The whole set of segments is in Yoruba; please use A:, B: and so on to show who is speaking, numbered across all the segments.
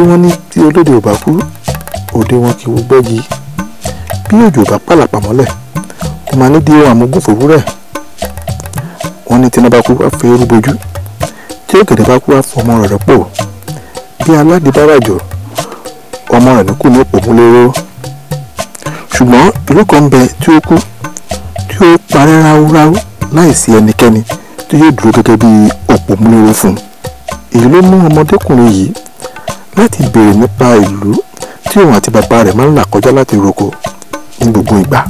A: bí wọ́n ní tí olóde ò bá kú òde wọn kì í wú gbẹ́gi bí òjò bá pàlàpà mọ́lẹ̀ ó máa ní díẹ̀ àmúgùnfò wúrẹ̀ wọ́n ní tíná bá kú wá fi erú bojú tí ògèdè bá kú wá fọ ọmọ rẹ̀ rẹ́pò bí aládìí bá ràjò ọmọ rẹ̀ ló kù ní òpómúléró ṣùgbọ́n ìlú kan bẹ tí ó kú tí ó parẹ́ ráúráú láìsí ẹnikẹ́ni tí yóò dúró gẹ́gẹ́ bí òpómúléró fún un èyí ló mú ọmọdékùnrin yìí láti béèrè nípa ìlú tí òun àti bàbá rẹ̀ máa ń là kọjá láti roko ní gbogbo ìgbà.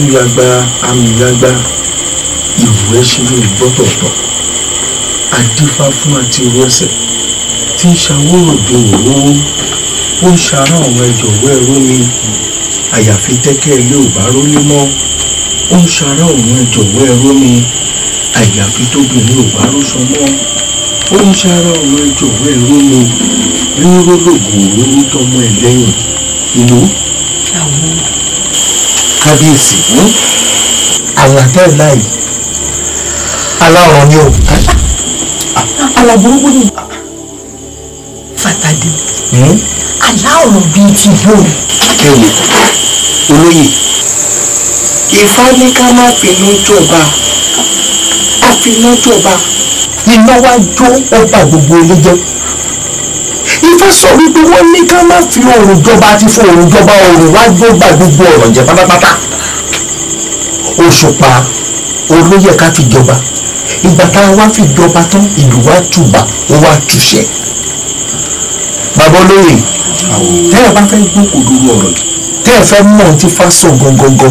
A: súyagba amúyagba ìwú ẹṣinú ìgbọ́tọ̀ọ̀tọ̀ adífá fún àti orí ẹsẹ̀ tí ń ṣàwòrò bí òróró ó ń ṣàrá àwọn ẹjọ̀wọ́ ẹ̀rọ mi àyàfi tẹ́kẹ́ ilé ò bá rólé mọ́ ó ń ṣàrá àwọn ẹjọ̀wọ́ ẹ̀rọ mi àyàfi tóbìnrin ò bá róṣọ mọ́ ó ń ṣàrá àwọn ẹjọ̀wọ́ ẹ̀rọ mi ríró lògùn òróró tọmọ ẹ̀ lẹ́yìn ìlú. àwọn kábíyèsí àlàdé láì aláràn ni o
B: aláburúkú ni fàtàdé hmm? aláàrùn bíi ti bò ó.
A: kéwì olóyè Ifá ní ká má pinnu jọba á pinnu jọba. iná wá jó ó bà gbogbo ilé sọ wípé wọ́n ní ká má fi oòrùn jọba àti fún oòrùn jọba oòrùn wá gbọ́gbà gbogbo ọ̀rọ̀ jẹ pátápátá òṣùpá olóyè ká fi jọba ìgbà tá a wá fi jọba tán ìlú wa tùbà ó wá túṣẹ. bàbá olóyè tẹ́ ẹ bá fẹ́ gbókòó lórí ọ̀rọ̀ yìí tẹ́ fẹ́ mọ̀ ti fa sọ gangan tó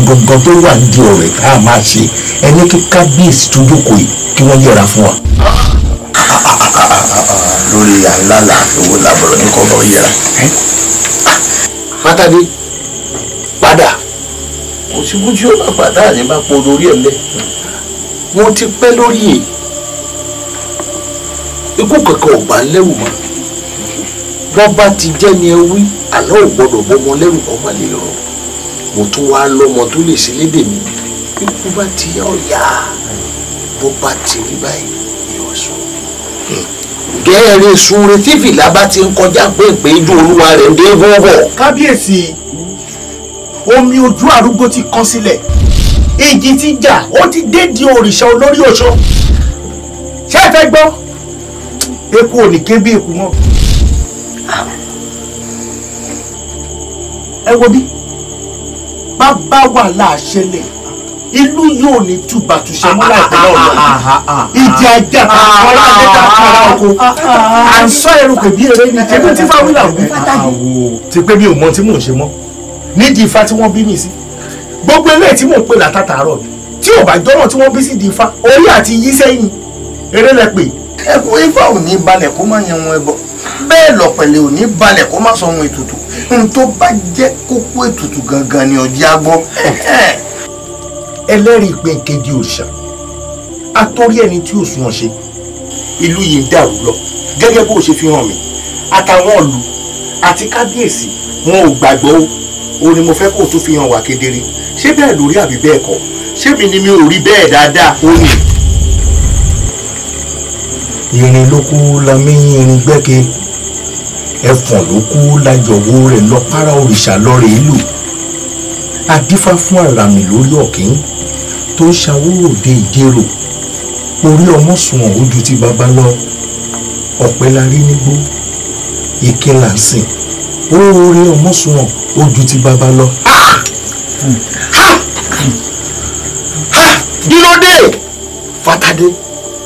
A: wà ní ọ̀rẹ́ tá a máa ṣe ẹni kí kábíyèsí tó jókòó yìí kí wọ́n yẹra fún wa lórí àńláńlá owó làbọ̀rọ̀ ní kọ́bọ̀ yẹra. Fátádé padà kò sí bójú ó bá padà ní bá po lórí ẹ̀ lẹ̀ wọ́n ti pẹ́ lórí yìí ikú kankan ò bá ń lẹ́rù mọ́ bọ́ba ti jẹ́ ni ẹ wí àná ò gbọ́dọ̀ bọ́mọ lẹ́rù kọ́ balẹ̀ lọ́rọ̀ mo tún wá lọ́mọ tó lè ṣe lédè mi ikú bá ti yá ọ̀yà bọ́ba ti rí báyìí ni ọ̀sùn. Hmm kẹrin sunre tí fìlà bá ti ń kọjá pèpè ju olúwa rẹ̀ ń dé wọ́wọ́. kábíyèsí omi ojú arúgbó ti kán sílẹ̀ ìjì ti jà ó ti dédi òrìṣà olórí ọ̀ṣọ́ ṣé ẹ fẹ́ gbọ́ eku ò ní eku mọ́ ẹ wo bí bá bá wà láàṣẹlẹ̀ ìlú yóò ní túbà túṣẹ mú ah, ah, láìpẹ́ ah, lọ́rọ̀ ìdí ajá ọlá mẹ́ta kára oko à ń sọ ẹrùkọ bí eré ni tẹbi tí fáwílà òbí pàtàkì. ti pé mi ò mọ tí mò ń ṣe mọ nídìí ifá tí wọ́n bí mi sí gbogbo eléyìí tí mò ń pè látàtàárọ̀ mi tí ò bá jọ́rọ̀ tí wọ́n bí sí di ifá orí àti yí sẹ́yìn eré lẹ pè. ẹkún ifá ò ní balẹ̀ kó má yan wọn ẹbọ bẹ́ẹ̀ lọ̀pẹ̀lẹ̀ ò ní balẹ̀ kó má sọ ohun ètùtù n tó bá jẹ́ kókó ètùtù gangan ni ọjà gbọ́. ẹlẹ́rìí pé kéde òòṣà atórí ẹni tí òsùn wọn ṣe ìlú yìí ń dàrú lọ gẹ́gẹ́ bó ṣe fi hàn mí àtàwọn ìlú àti kábíyèsí wọn ò gbàgbọ́ o ni mo fẹ́ kó o tún fi hàn wá kedere ṣé bẹ́ẹ̀ lórí àbí bẹ́ẹ̀ kọ́ ṣé mi ni mi ò rí bẹ́ẹ̀ dáadáa ó ní. irin ló kú lamẹ́yìn irin gbẹ́ke ẹ̀fọ̀n ló kú lájọ̀wọ́ rẹ̀ lọ para òrìṣà lọ́rẹ̀ ìlú adífá fún àràmì lórí ọ̀kín tó ń ṣàwòròde ìdérò orí ọmọ sunwọ̀n ó ju ti bàbá lọ ọ̀pẹ la rí nígbó ike là ń sìn orí ọmọ sunwọ̀n ó ju ti bàbá lọ. dílódé fatadé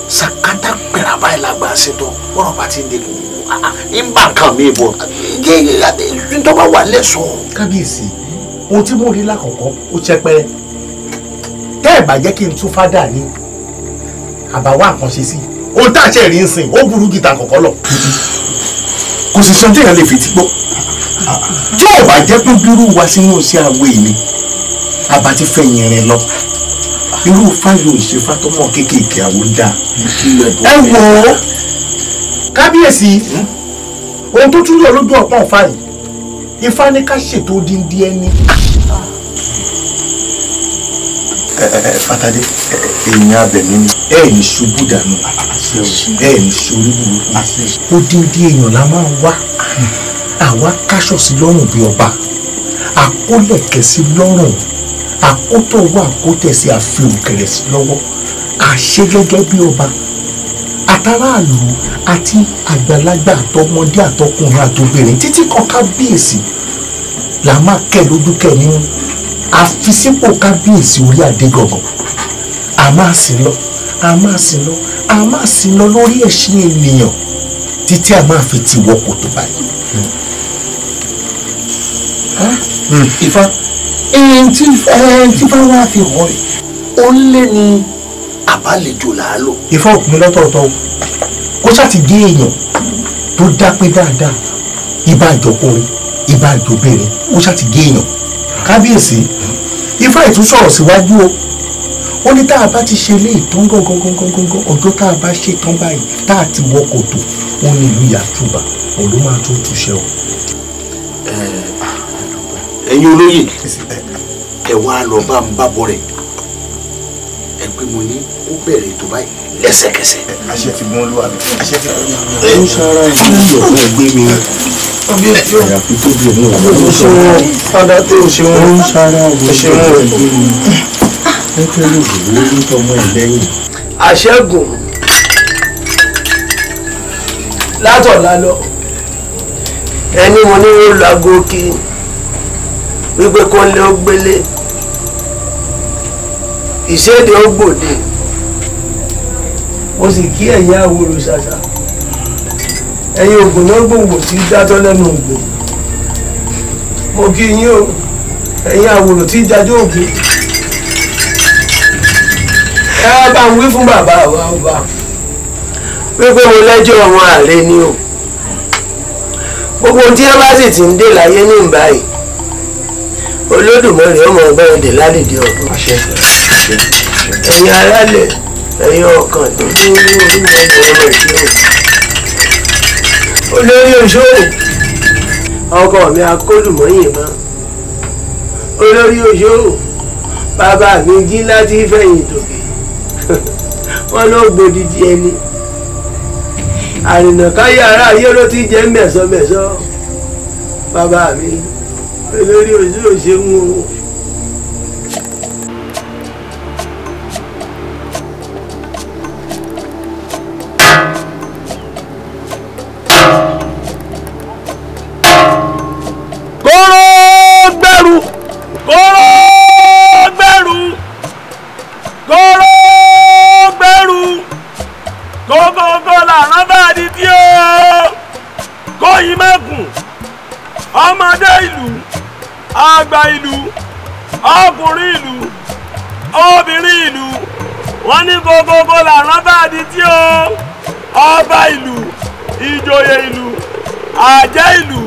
A: sakata pẹ̀lá báyìí la gbà ṣètò bọ́rọ̀ bá ti ń dẹkùn ń bá nǹkan mi bọ̀ ǹjẹ́ ìyá tó bá wà lẹ́sọ̀ọ́. kábíyèsí ohun tí mo rí lákọ̀ọ́kọ́ ó ṣe pẹ́rẹ́ tẹ́ ẹ̀ bá jẹ́ kí n tún fádà ní àbáwá nǹkan ṣe sí ohun tá a ṣe rí ń sìn ó burú jù tàn kọ̀ọ̀kọ́ lọ. kò sì sọ téèyàn lè fetí gbọ́ tí ò bá jẹ́ pé bírú wa sínú sí àwọ̀ èmi àbá ti fẹ̀yìn rìn lọ irú fáyọ ìṣèfà kéékèèké àwọn dà ẹ wò kábíyèsí hmm? ohun tó tún lè lójú ọ̀pọ̀ ọ̀fà ifá ní ká ṣètò díndín ẹni. fatade èèyàn abẹ̀mí ni ẹ ní ṣubú dànù ẹ ní ṣorí burúkú. odindi èèyàn la máa wá àwa káṣọ sí lọ́rùn bíi ọba àkólẹ̀kẹ̀ sí lọ́rùn àkótọ̀wọ́ àkótẹ̀sí àfihàn kẹrẹ̀ sí lọ́wọ́ àṣẹ gẹ́gẹ́ bíi ọba àtàràlù àti àgbàlagbà àtọmọdé àtọkùnrin àtobìnrin títí kan kábíyèsí là máa kẹ́ lójú kẹ́ nínú àfisípò kábíyèsí orí adé gangan a máa sìn lọ a máa sìn lọ a máa sìn lọ lórí ẹ̀sìn ènìyàn títí a máa fi ti wọ kòtò báyìí. Hmm. Ifá ẹ̀ẹ́n tí Ifá wá fi hàn ẹ́ ó lé ní àbálejò làá lò. ìfọ́ òpin lọ́tọ̀ọ̀tọ̀ o kó sáti gé èèyàn tó dápé dáadáa ibà àjọkùnrin ibà àjọbìnrin kó sáti gé èèyàn kábíyèsí ifá ìtún sọ̀rọ̀ síwájú o ó ní tá a bá ti ṣe léyìí tán gángangangangangan ọjọ́ tá a bá ṣe tán báyìí tá a ti wọ kòtò ó ní ìlú yàtúbà òun ló máa tún túṣẹ o. ẹ̀yin olóyè ẹ wá lọ bá ń bá bọ rẹ ẹ pé mo ní kó bẹ̀rẹ̀ ètò báyìí lẹ́sẹ̀kẹsẹ̀. àṣẹ ti gbọ́n ló wà mí. àṣẹ ti gbọ́n ló wà mí. ó sára ìlú ọ̀fun ẹgbẹ́ mi. àyà fi tóbi ẹ̀mú ọ̀fun. ó ṣeun fada tó o ṣeun. ó sára ìlú ọ̀fun ẹgbẹ́ mi. ẹgbẹ́ ló dùn ló ń tọmọ ẹ̀ lẹ́yìn. àṣẹ́gun látọ̀lá lọ ẹni mo ní ó lọ aago kí wípé kó lé ó gbélé ìséde ó gbòde mo sì kí ẹ̀yin àwòrò ṣàṣà ẹ̀yin ògùn náà gbòǹgbò tí dátọ́ lẹ́nu ògùn mo kí yín o ẹ̀yin àwòrò tí jájọ́ ògùn ẹ bá ń wí fún bàbá wa ọba wípé mo lẹ́jọ́ àwọn ààrẹ ni o gbogbo ohun tí ẹ bá sì ti ń dè láyé ní ìbáyìí olódùmarè ọmọ ọgbà ẹ̀dẹ̀ ládìdí ọdún ẹ̀yin aráàlẹ̀ ẹ̀yọ ọkàn tó dúró lọ́wọ́ ìṣòro olórí òṣòro ọkọ mi akólùmọ́yìn mọ́ olórí òṣòro bàbá mi jí láti fẹ̀yìn tòkè wọ́n ló gbòdìdì ẹni àrìnàkáyé ara ayé ló ti jẹ́ mẹ̀sọ́mẹ̀sọ́ bàbá mi olórí òṣòro ṣe ń wo. wọ́n ní gogogo làrán bá di tí o ọba ìlú ìjòyè ìlú àjẹ́ ìlú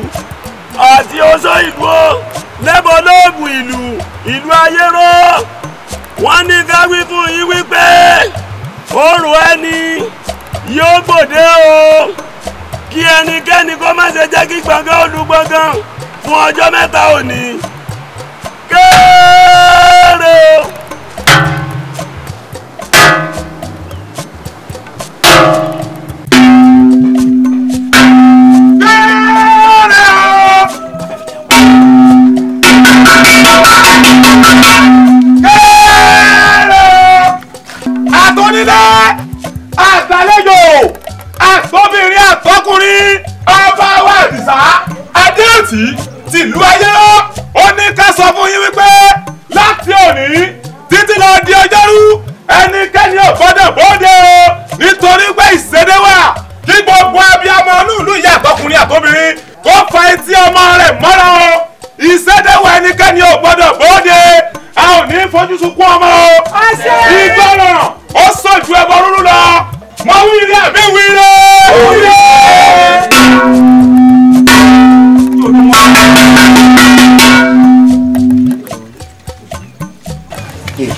A: àti oṣó ìlú o lẹ́bọ̀ lóògùn ìlú ìlú ayéró wọ́n ní ká wí fún yín wípé orò ẹni yóò gbòde o kí ẹnikẹ́ni kó má ṣe jẹ́ kí gbọ̀ngàn olùgbọ̀ngàn fún ọjọ́ mẹ́ta òní kéré o. ọkùnrin ọba wa àdìsá adéòtí tìlú ayéró ó ní ká sọ fún yín wípé láti òní títí lọ di ọjọ́rú ẹnikẹ́ni ò gbọ́dọ̀ bóde o nítorí pé ìṣedé wà kí gbogbo abiyamọ olúùlú ìyá àtọkùnrin àtọbìnrin kó fa etí ọmọ rẹ̀ mọ́ra o ìṣedé wà ẹnikẹ́ni ò bóde a ò ní fojú sunkún ọmọ o ìgbọràn
C: ó sọ ju ẹbọ rúrú lọ mọ wíire àbí wíire.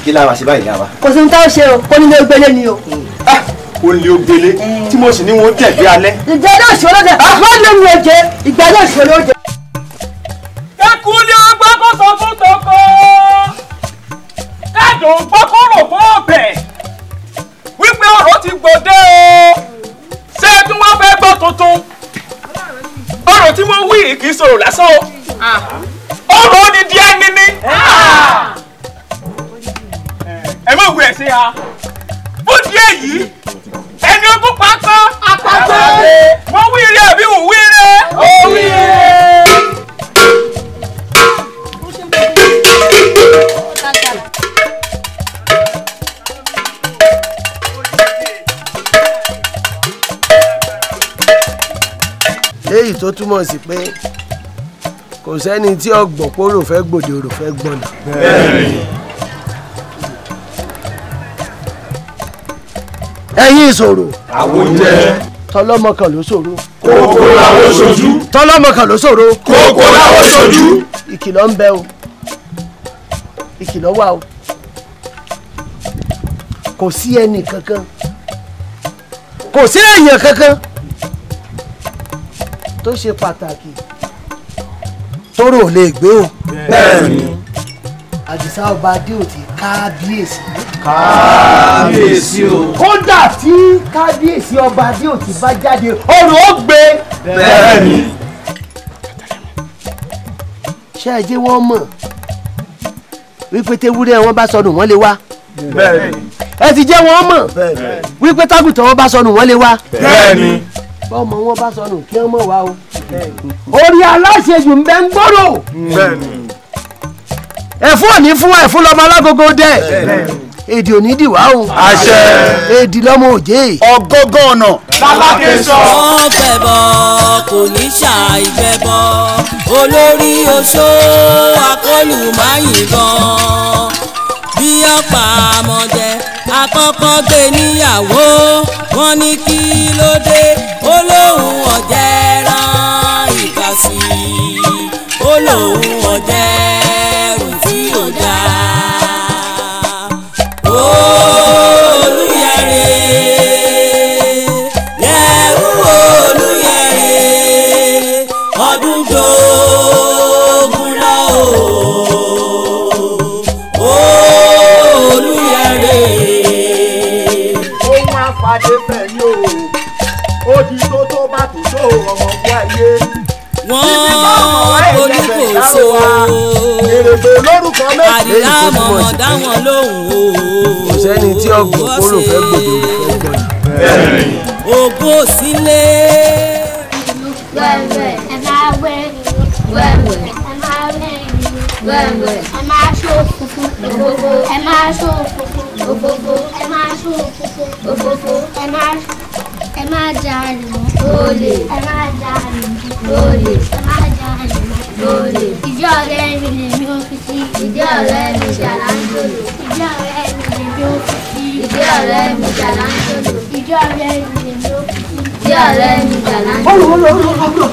A: kí láwa ṣe báyìí láwa. kò sí ohun tá a ṣe o kó nílé ogbélé ni o. Ah, ó lé ogbélé tí mo sì ní wọn tẹ̀lé alẹ́. ìgbà náà ṣòro jẹ wọn lé mi oje ìgbà náà ṣòro jẹ.
C: ẹkùn lé ọgbọ́n kó sọ fún tọkọ káàdùn gbọ́kọ̀rọ̀ fún ọ̀bẹ wípé ọ̀rọ̀ ti gbòde o ṣé tí wọ́n fẹ́ gbọ́ tuntun
A: ọ̀rọ̀ tí wọ́n wí kì í sọ̀rọ̀ lásán o
C: ah! ọ̀rọ̀ ni díẹ̀ níní
A: ẹ má wulẹ̀ ṣe ya
C: bóde èyí ẹni ogún pátá àtàgbé wọ́n wí ire àbí wọ́n wí ire. ó wí ire.
A: léyìí tó túmọ̀ sí pé kò sẹ́ni tí ọgbọ̀n pòrò fẹ́ gbòde òrò fẹ́ gbọ̀nà. bẹ́ẹ̀ ni. ẹ̀yin ìṣòro. àwọn jẹ. tọlọmọ kan ló ṣòro. kókó làwọn ṣojú. tọlọmọ kan ló ṣòro. kókó làwọn ṣojú. ìkìlọ̀ ń bẹ o ìkìlọ̀ wà o kò sí ẹnì kankan kò sí èèyàn kankan tó ṣe pàtàkì tóró ò lè gbé o. bẹ́ẹ̀ni. àdìsá ọba adé ò ti kábíyèsí o. kódà tí kábíyèsí ọba adéòtí bá jáde ọ̀rọ̀ ó gbé. bẹ́ẹ̀ni. ṣé ẹ jẹ́ wọ́n mọ̀ wípé tewúrẹ́ wọn bá sọnù wọ́n lè wá. bẹ́ẹ̀ni. ẹ ti jẹ́ wọ́n mọ̀ wípé tágùtàn wọn bá sọnù wọ́n lè wá. bẹ́ẹ̀ni. bọ́ọ̀mọ wọn bá sọnù kí wọ́n mọ̀ wá o. orí aláṣejù ń bẹ ń gbòòrò. bẹ́ẹ̀ni. ẹ̀fún òní fún ẹ̀fún lọ́mọ alágogo dẹ̀. bẹ́ẹ̀ni èdè òní dìwà o. àṣẹ. èdè lọ́mọ òjé. ọgọ́gọ́ ọ̀nà. lálákè sọ. wọ́n
C: gbẹ̀bọ̀ kò ní ṣàì gbẹ̀bọ̀ olórí oṣó akọ́lù máa yìnbọn bí ọ̀pá àmọ̀jẹ àkọ́kọ́ gbé níyàwó wọn ní kí ló dé ó lóun ọ̀jẹ̀ rán ìgbà sí i ó ọ̀jẹ̀. olùkóso
A: àdìrà mọ̀mọ́
C: dáwọn lóhùn o. kò sẹ́ni tí ọ̀gbìn kóró fẹ́ gbòdò fẹ́ gbọ́n. ògo sílé. wẹ̀wẹ̀ ẹ máa wẹ wẹ̀wẹ̀ ẹ máa wẹ̀
D: wẹ̀wẹ̀ ẹ máa
C: ṣó òfófó òfófó ẹ máa ṣó òfófó òfófó ẹ máa ṣó òfófó òfófó ẹ máa ṣó ẹ má jalè mọ́ olè ẹ má jalè mọ́ olè ẹ má jalè mọ́ olè. ìdí ọ̀rẹ́ mi lèmi ò fi sí. ìdí ọ̀rẹ́ mi ṣàlàńdòlò.
D: ìdí ọ̀rẹ́
C: mi lèmi ò fi sí. ìdí ọ̀rẹ́
D: mi ṣàlàńdòlò.
C: ìdí ọ̀rẹ́ mi lèmi ò fi sí.
D: ìdí ọ̀rẹ́ mi
C: ṣàlàńdòlò.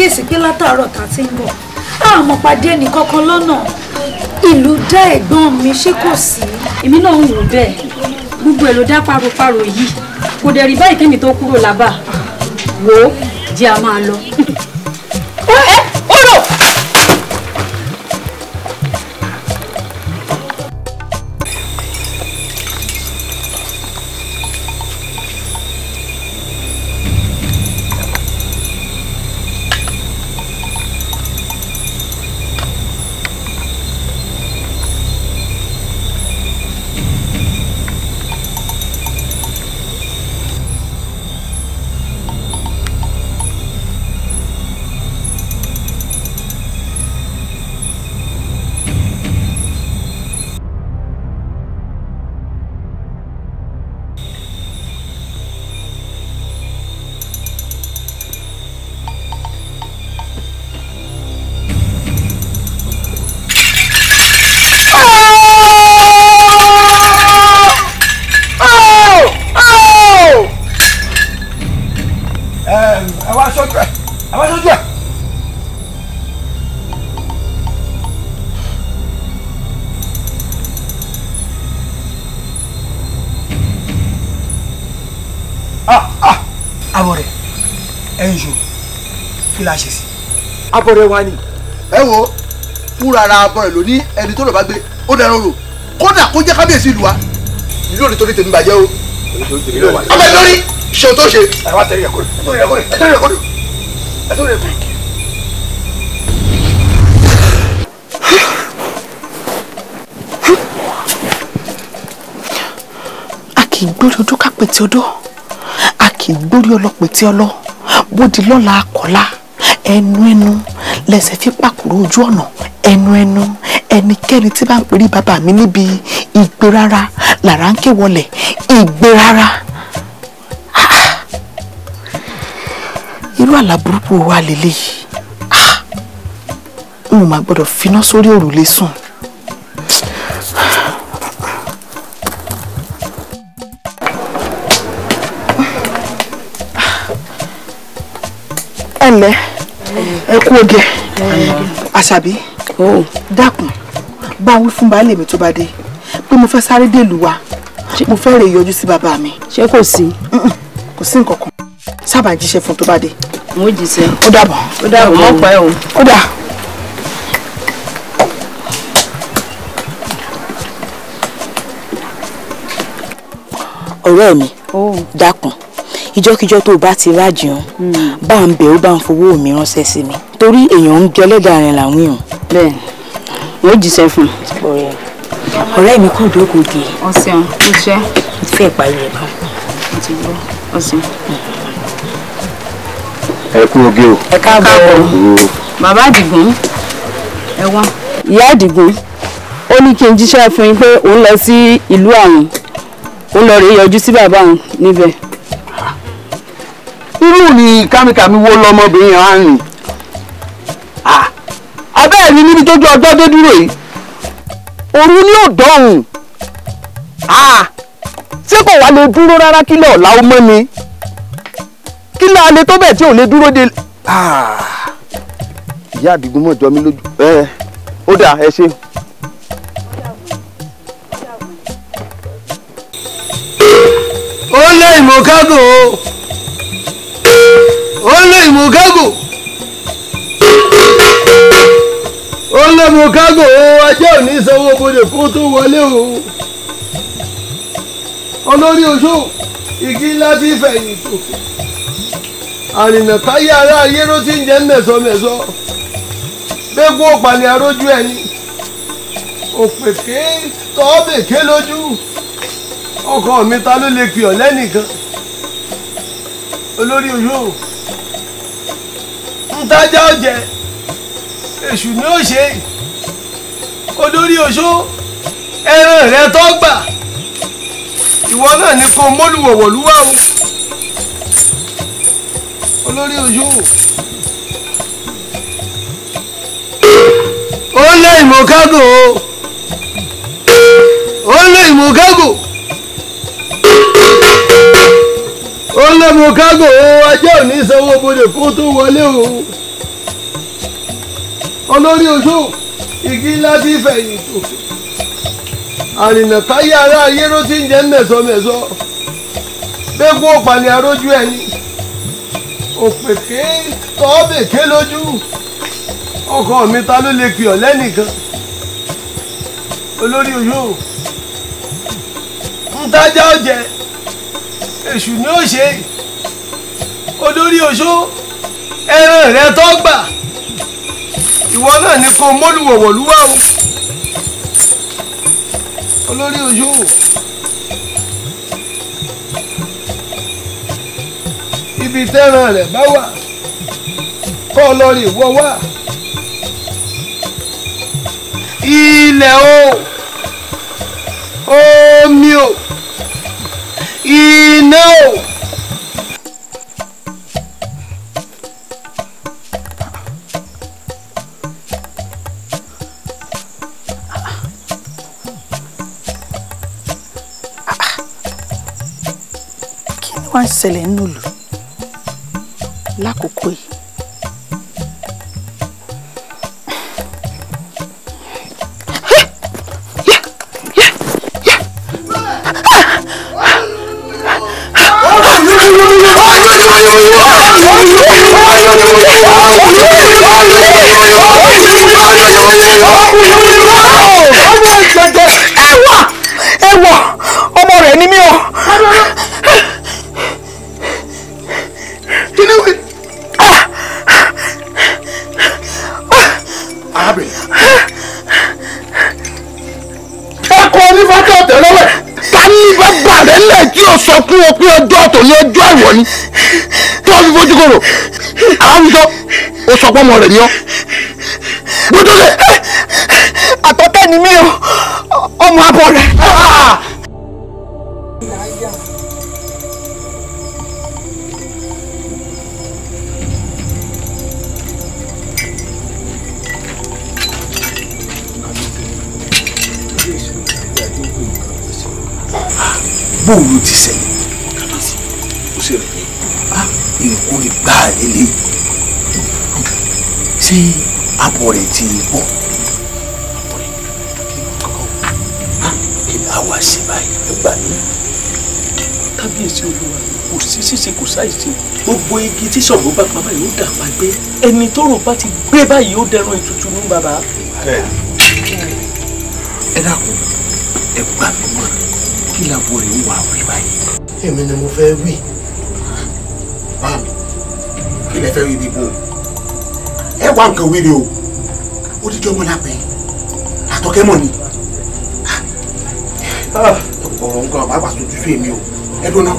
B: kíyèsí pé látàárọ̀ tá a ti ń bọ̀ àmọ́ pàdé ẹnì kankan lọ́nà ìlú dá ẹ̀gbọ́n mi ṣé kò sí. èmi náà ń wò bẹ́ẹ̀ gbogbo ẹ̀ ló dá paropáro yìí kò dẹ̀ rí báyìí kémi tó kúrò lábà wò ó jẹ́ a máa lọ.
A: abọ̀rẹ̀ wa ni. ẹ wo fúnra ara abọ̀rẹ̀ ló ní ẹni tó lọ bá gbé ó dẹrọ rò kódà kó jẹ́ kábíyèsí ìlú wa ìlú òní torí tèmi bàjẹ́ o ọmọ ẹ lórí ṣe o tó ṣe. ẹ wá tẹ̀lé ẹ̀kọ́ rẹ̀ ẹ tó rẹ̀ ẹ̀kọ́ rẹ̀ ẹ tó
B: a kì í gbórí ojú kápẹ́tì odó a kì í gbórí ọlọ́pẹ́tì ọlọ́ bó di lọ́la akọ̀la ẹnu ẹnu lẹsẹ̀ fi pàkúrò ojú ọ̀nà ẹnu ẹnu ẹnikẹ́ni tí bá ń perí bàbá mi níbi ìgbé rárá làrá ń ké wọlẹ̀ ìgbé rárá.
A: irú àlá burúkú wa lélẹ́yìí n ò máa gbọ́dọ̀ finá sórí òrùlé sùn.
D: ẹ ẹ kú oge
B: àṣàbí dákun bá wí fún baálé mi tó bá dé pé mo fẹ́ sáré dèlùú wa mo fẹ́ rè yọjú sí bàbá mi. ṣé kò sí. kò sí nǹkan kan sábà jíṣẹ́ fún tó bá dé. mo jíṣẹ́. ó dàbọ̀. ó dàbọ̀ mọ́ pẹ́ o. ó dà. ọ̀rẹ́ mi dákun ìjọ́kíjọ́ tó bá ti rájìun hmm. bá ń bẹ̀ ó bá ń fowó mi ránṣẹ́ sí mi torí èèyàn ń jẹ lẹ́dà rìn làwọn èèyàn. bẹ́ẹ̀ yóò jíṣẹ́ fún un. ọ̀rẹ́ mi kò dókòó di. ọ̀sẹ̀ ọ̀hún ó jẹ́. mo fẹ́ parí bá. ẹ kú oge o. ẹ káàbọ̀ o. bàbá àdìgún ẹ wá. ìyá àdìgún ó ní kí n jíṣẹ́ fún yín pé òun lọ sí ìlú àwọn òun lọ rèé yọjú sí bàbá òun níbẹ̀
A: irú ni kámikàmí wo lọmọbìnrin yẹn á rìn abẹ́ẹ̀ ni níbi tójú ọjọ́ dé dúró yìí òru ni ò dọ̀hùn ṣé kò wá lè dúró rárá kílẹ̀ ọ̀la ó mọ́ ni kílẹ̀ alẹ́ tó bẹ̀ tí ò lè dúró de. ìyá àdìgún mọ̀ jọ mí lójú ẹ ó dà ẹ ṣe. ó lé ìmọ̀ kágò o ó lé ìmùgágò ó lé ìmùgágò ajé òní sanwó bodè kó tó wọlé o olórí oṣó igi ńlá ti fẹ̀yìn sòfò àrìnà káyé ará ayé ló ti ń jẹ́ mẹ̀sọ̀mẹ̀sọ̀ gbégbó òpàlẹ̀ arójú ẹni òpèké tọ́ọ̀bèké lójú ọkọ mi ta ló lè pè ọ́ lẹ́nìkan olórí oṣó ń tájá ọ̀jẹ̀ èṣù ni ó ṣe olórí oṣó ẹran rẹ tó gbà ìwọ náà ni kò mólùwọ̀wọ̀ lúwà o olórí oṣó. ó lé ìmọ̀kágò ó lé ìmọ̀kágò. ó lé mu kágò ajé òní sanwó bodè kó tó wọlé o olórí ojú igi ńlá ti fẹ̀yìn tò àrìnà káyé ará ayé ló ti ń jẹ́ mẹ̀sọ̀mẹ̀sọ̀ gbégbó pàní arójú ẹni òpèké tọ́ọ̀bèké lójú ọkọ mi ta ló lè pè ọ́ lẹ́nìkan olórí ojú ń tájá ọ̀jẹ̀ èṣù ni ó ṣe olórí oṣó ẹran rẹ tó gbà ìwọ náà ni kò mọ́lùwọ̀wọ̀ lúwà o olórí oṣó. ibi tẹ́ran rẹ̀ bá wà kọ́ ọ lọ ìwọ wà. ilẹ̀ o omi o. Oh, E não.
B: kí ni wàá ń ṣẹlẹ̀ nínú ìlú
A: lákòókò yìí. pé ọjọ́ tòní ọjọ́ ìwọ ni tó o fi fojú kòrò àwùjọ o sọ pé ọmọ rẹ̀ ni ọ́
C: gbódúlẹ̀. àtọ́tẹ́ ni mí o ọmọ abọ́ rẹ̀.
A: ti gbọ́ àwa sì báyìí gbà mí kábíyèsí olúwa kò sí sísè kò sáìsè gbogbo igi tí sọ̀gbọ́n bá pa báyìí ó dà pa gbé ẹni tọrọ bá ti gbé báyìí ó dẹrùn ìtutù mú bàbá. ẹ dákun ẹ gbà mí mọ kí làwọn rẹ ń wà wí báyìí. èmi ni mo fẹ́ wí báàmì kí lẹ fẹ́ wí bí bò ẹ wá nǹkan wí ni o odidi ọmọ lápẹ́ àtọ́kẹ́ mọ̀ ni ah, ọ̀rọ̀ nǹkan ọ̀bá pàṣẹ ojúṣu èmi o ẹ̀dùn náà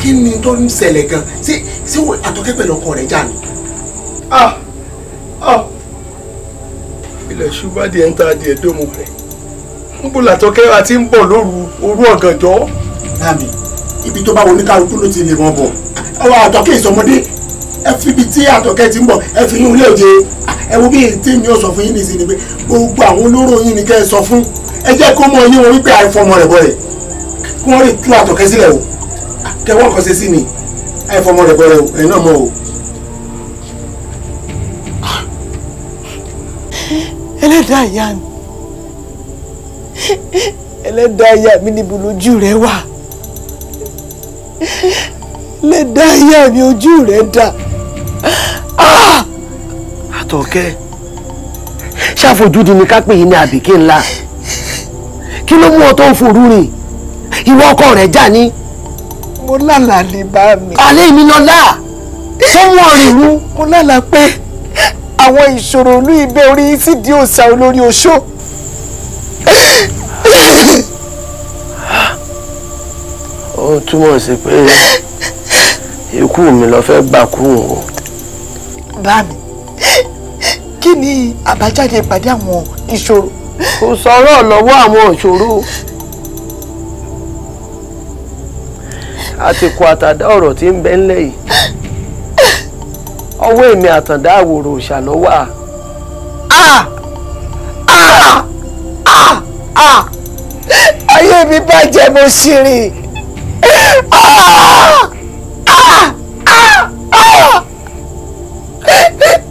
A: kí ni tó ń ṣẹlẹ̀ gan ṣé ṣé àtọ́kẹ́ pẹ̀lú ọkọ rẹ̀ jà ni. Ah, ah. ilẹ̀ ṣùgbọ́n adìẹ ń ta adìẹ dómo rẹ̀ ń bò látọ́kẹ́ àti ń bọ̀ lóru òru ọ̀gànjọ́. báàmì ibi tó bá wo oníkàlùkù ló ti lè mọ̀ bọ̀ ọwọ́ àtọ́kẹ́ ìsọmọdé ẹ fi ibi tí àtọ́kẹ́ ti ń bọ̀ ẹ fi yún ilé òde ẹ wo bí tí mi ò sọ fún yín nìsín ni pé gbogbo àwọn olóró yín ni kẹ́ ẹ sọ fún ẹ jẹ́ kó mọ yín wọn wípé àìfọmọ rẹ̀ bọ̀ rẹ̀ kí wọ́n rí tú àtọ̀kẹ́ sílẹ̀ o kẹwọ́n nǹkan ṣe sí ni àìfọmọ rẹ̀ bọ̀ rẹ̀ o ẹ̀ náà mọ̀ o. ẹlẹ́dàá ìyá mi ẹlẹ́dàá ìyá mi níbo lójú rẹ wà ẹlẹ́dàá ìyá mi ojú rẹ dáa àtọ̀kẹ́ ṣàfojúdi ni ká pè yín ní àbíké ńlá kí ló mú ọ tó ń forú rìn ìwọ ọkọ rẹ jà ní. mo lálà lè bá mi. alẹ́ mi lọ là tó mú ọ rìn rú. mo lálà pé àwọn ìṣòro olú ibẹ̀ orí sì di òòṣà olórí oṣó. ó túmọ̀ sí pé ikú mi lọ fẹ́ gbà kú o. bá mi kí ni àbájáde ìpàdé àwọn ìṣòro. kò sọ̀rọ̀ lọ́wọ́ àwọn ìṣòro àtìkù àtàdá ọ̀rọ̀ tí ń bẹ ńlẹ̀ yìí ọwọ́ èmi àtàndá àwòrò òòṣà ayé mi mo sì rìn.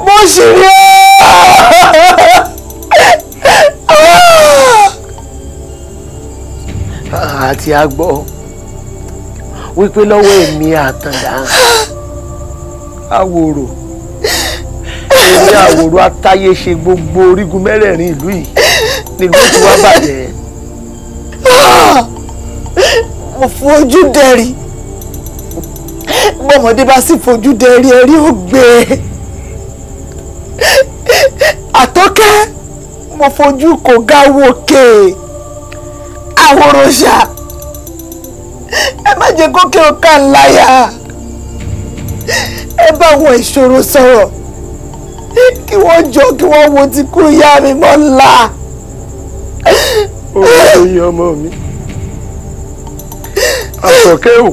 C: mo siri
A: àti agbọ́ wípé lọ́wọ́ èmi àtàndá àwòrò èmi àwòrò atáyé ṣe gbogbo orígun mẹ́rẹ̀ẹ̀rin ìlú yìí nílùú tí wọ́n bàjẹ́. mo fojú dẹ́rì bọ́mọdé bá sì fojú dẹ́rì ẹ̀rí ó gbé e àtọ́kẹ́ mo fojú kò ga wòkè àwòrán ṣáà má jẹ́ gòkè ọ̀ka ńláyà ẹ bá àwọn ìṣòro sọ̀rọ̀ kí wọ́n jọ kí wọ́n wo ti kú ìyá mi mọ́ ńlá. ó wá lóyún ọmọ mi àtọ̀kẹ́ ò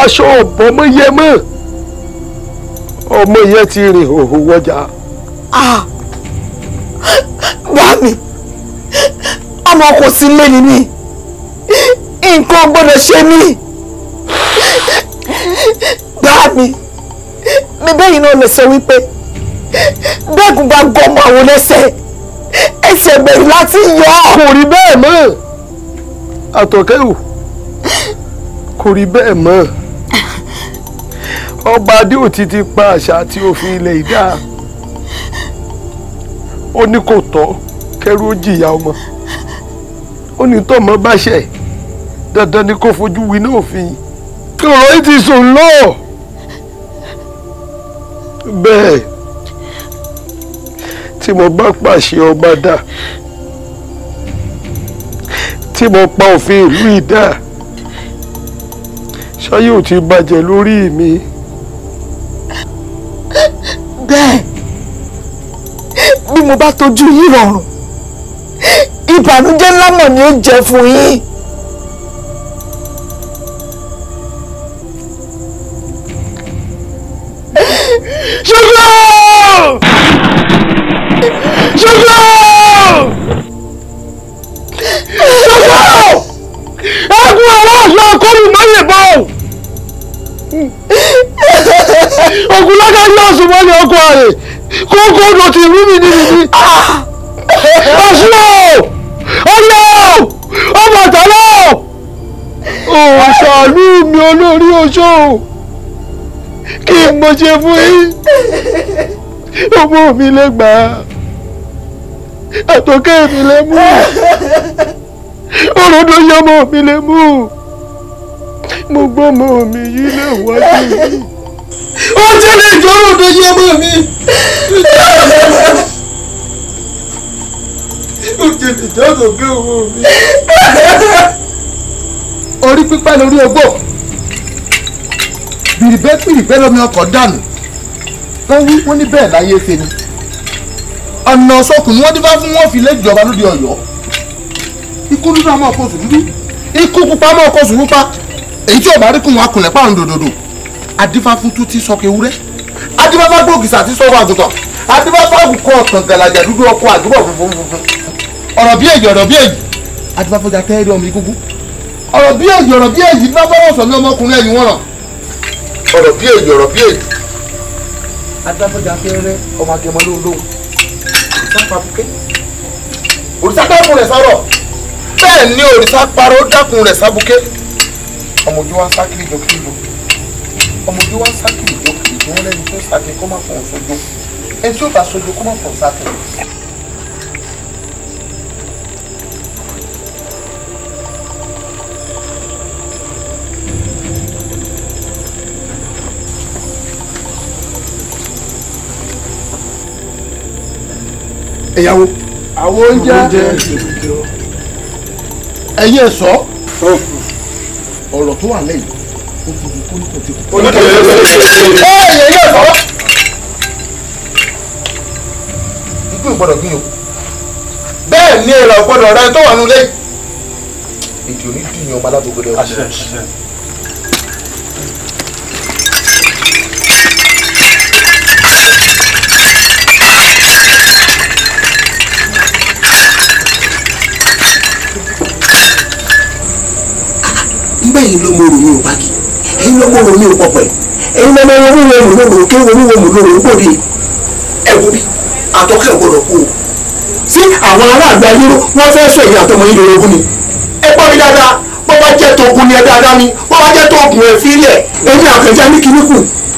A: aṣọ ọ̀bọ̀mọ yẹ mọ́ ọmọ yẹn ti rìn òhò wọjà. bá mi ọmọ kò sí lé ní mi nǹkan gbọ́dọ̀ ṣe mí gbá mi mi bẹ́ẹ̀ iná lè sọ wípé bẹ́ẹ̀kú bá gọmọ àwọn lẹ́sẹ̀ ẹsẹ̀ gbẹ̀yìn láti yọ ọ́. kò rí bẹ́ẹ̀ mọ́ àtọ̀kẹ́wò kò rí bẹ́ẹ̀ mọ́ ọba adéòtí ti pa àṣà àti òfin ilẹ̀ ìdá ó ní kò tọ́ kẹ́rù ó jìyà ọmọ ó ní tọ́mọ bá ṣẹ̀ dandan ni kò fojú winá òfin ọ̀rọ̀ yìí ti sùn lọ bẹ́ẹ̀ tí mo bá pàṣẹ ọba dà tí mo pa òfin ìlú ìdá ṣáyé ò ti bàjẹ́ lórí mi. bẹ́ẹ̀ bí mo bá tọ́jú yín rọrùn ìbànújẹ́ ńlá mọ̀ ni ó jẹ́ fún yín. ọkọ rẹ̀
C: kókó ọdọ ti rú mi níbi ní. ọ̀ṣun ọ̀lẹ́ ọ̀bọ̀tálá òṣàlú mi
A: olórí oṣó kí n mo ṣe fún yín ọmọ mi lè gbà á àtọkẹ́ mi lè mú òròdó yọmọ mi lè mú mo gbọ́ ọmọ mi yìí lè wájú yìí ìjọrò òde yí ọmọ mi ó ti lè dáàbò bí ọmọ mi. orí pípẹ́ lórí ogbó bìrìbẹ́ bìrìbẹ́ lọ́mọ ọkọ̀ dànù wọ́n wí wọ́n ní bẹ́ẹ̀ láyé ṣe ni ọ̀nà sọkùn wọ́n dífá fún wọn fi lé ìjọba lóde ọ̀yọ́ ikú dúdú àmọ́ ọkọ̀ sùn bí ikú pupa àmọ́ ọkọ̀ sùn pupa èyí tí ò bá rí kùn wọn akùnlẹ̀ pàrọ̀ dòdòdò àdífá fún tún ti sọ kéwúrẹ́ adébáfá gbòògìsà ti sọ́wọ́ àgùntàn adébáfá àgùkọ ọ̀tàn gàlàjà dúdú ọkọ àdúgbò funfun funfun ọ̀rọ̀ bí èyí ọ̀rọ̀ bí èyí adébáfá ọjà tẹ́ ẹ̀rí ọmọ igúngún ọ̀rọ̀ bí èyí ọ̀rọ̀ bí èyí bá bá wọ̀sán ní ọmọkùnrin ẹ̀yìn wọ̀ràn. ọ̀rọ̀ bí èyí ọ̀rọ̀ bí èyí. adébáfá ọjà tẹ́ ẹ̀rẹ́ ọmọ akẹ́mọ lóhùn òrìṣà dákun rẹ̀ sárọ̀
C: bẹ́ẹ̀ ni òrìṣà parọ́
A: òun lẹ́nu tó sàkè kó má fọ̀hún sójú ẹni tí ó bá sójú kó má fọ̀hún sàkè. ẹ̀yàwó. àwọn oúnjẹ ẹ̀yìn ẹ̀sọ́ ọ̀rọ̀ tó wà lẹ́yìn ó ti ti kú. olùdókòwò ṣe é ṣe é sọ̀rọ̀ ikú ìgbọ́dọ̀ gbìn o bẹ́ẹ̀ ni èrò ọ̀gbọ́dọ̀ rẹ tó wà nulẹ̀ èdè onídìyàn ọmọ alábògbé rẹ ọ̀gbọ́dọ̀. ngbẹ̀yìn ló mo rò mí ò pàkì èyí ló mo rò mí ò pọ̀pọ̀ ẹ̀ ẹ̀yin mọ́mọ́ wọn wúwo mùlòrò kí wọ́n wúwo mùlòrò ń pò ní ẹ̀wù bí àtọ́kẹ́ ọ̀gbọ̀dọ̀ kú o sí àwọn ará àgbà yúrò wọ́n fẹ́ sọ èyí àtọmọ yìí lóògùn ni ẹ gbọ́ mi dáadáa bọ́ bá jẹ́ tóògùn ni ẹ dáadáa ni bọ́ bá jẹ́ tóògùn ẹ fi ilẹ̀ èmi àkànjá ní kíní kù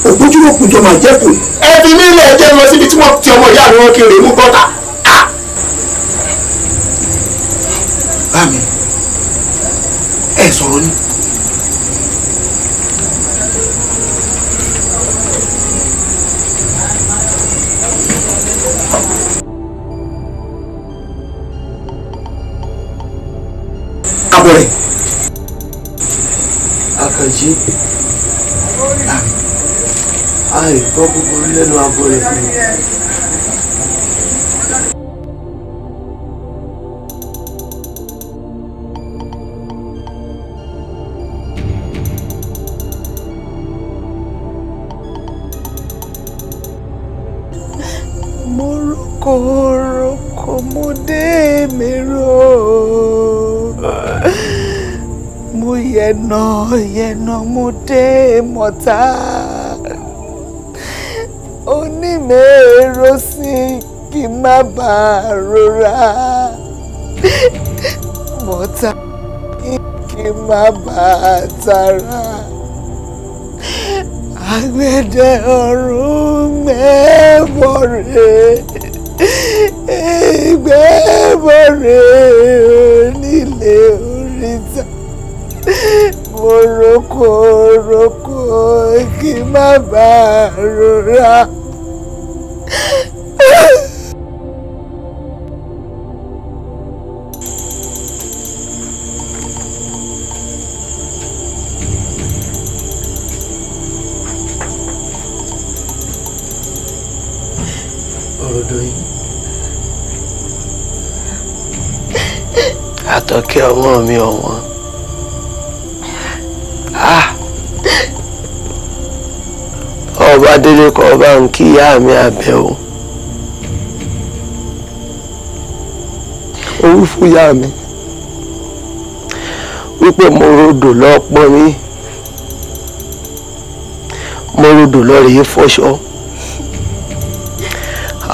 A: ògbójúrò kù jọ máa jẹ́ kù ẹ fi mí ilẹ̀ jẹ́ lọ síbi tí wọ́n ti ọmọ ìyá mi wọn kiri mú gọ́tà. bá mi ẹ sọ̀rọ̀ ni. nǹkan búburú lẹ́nu abo rẹ̀ fún mi. yẹnà yẹnà mo dé mọ̀tá. má bàa rora mọ́tà kí n má bàa tara agbẹ̀dẹ ọ̀run gbẹ́bọ̀ rẹ̀ gbẹ́bọ̀ rẹ̀ onílé oríta mo roko roko kí n má bàa rora. ọmọ mi ọ̀wọ́n ah! ọba délé kọ ọba ń kí ìyá mi àbẹ o ó wí fún ìyá mi wípé mo rodò lọ pọn mi mo rodò lọ rèé fọṣọ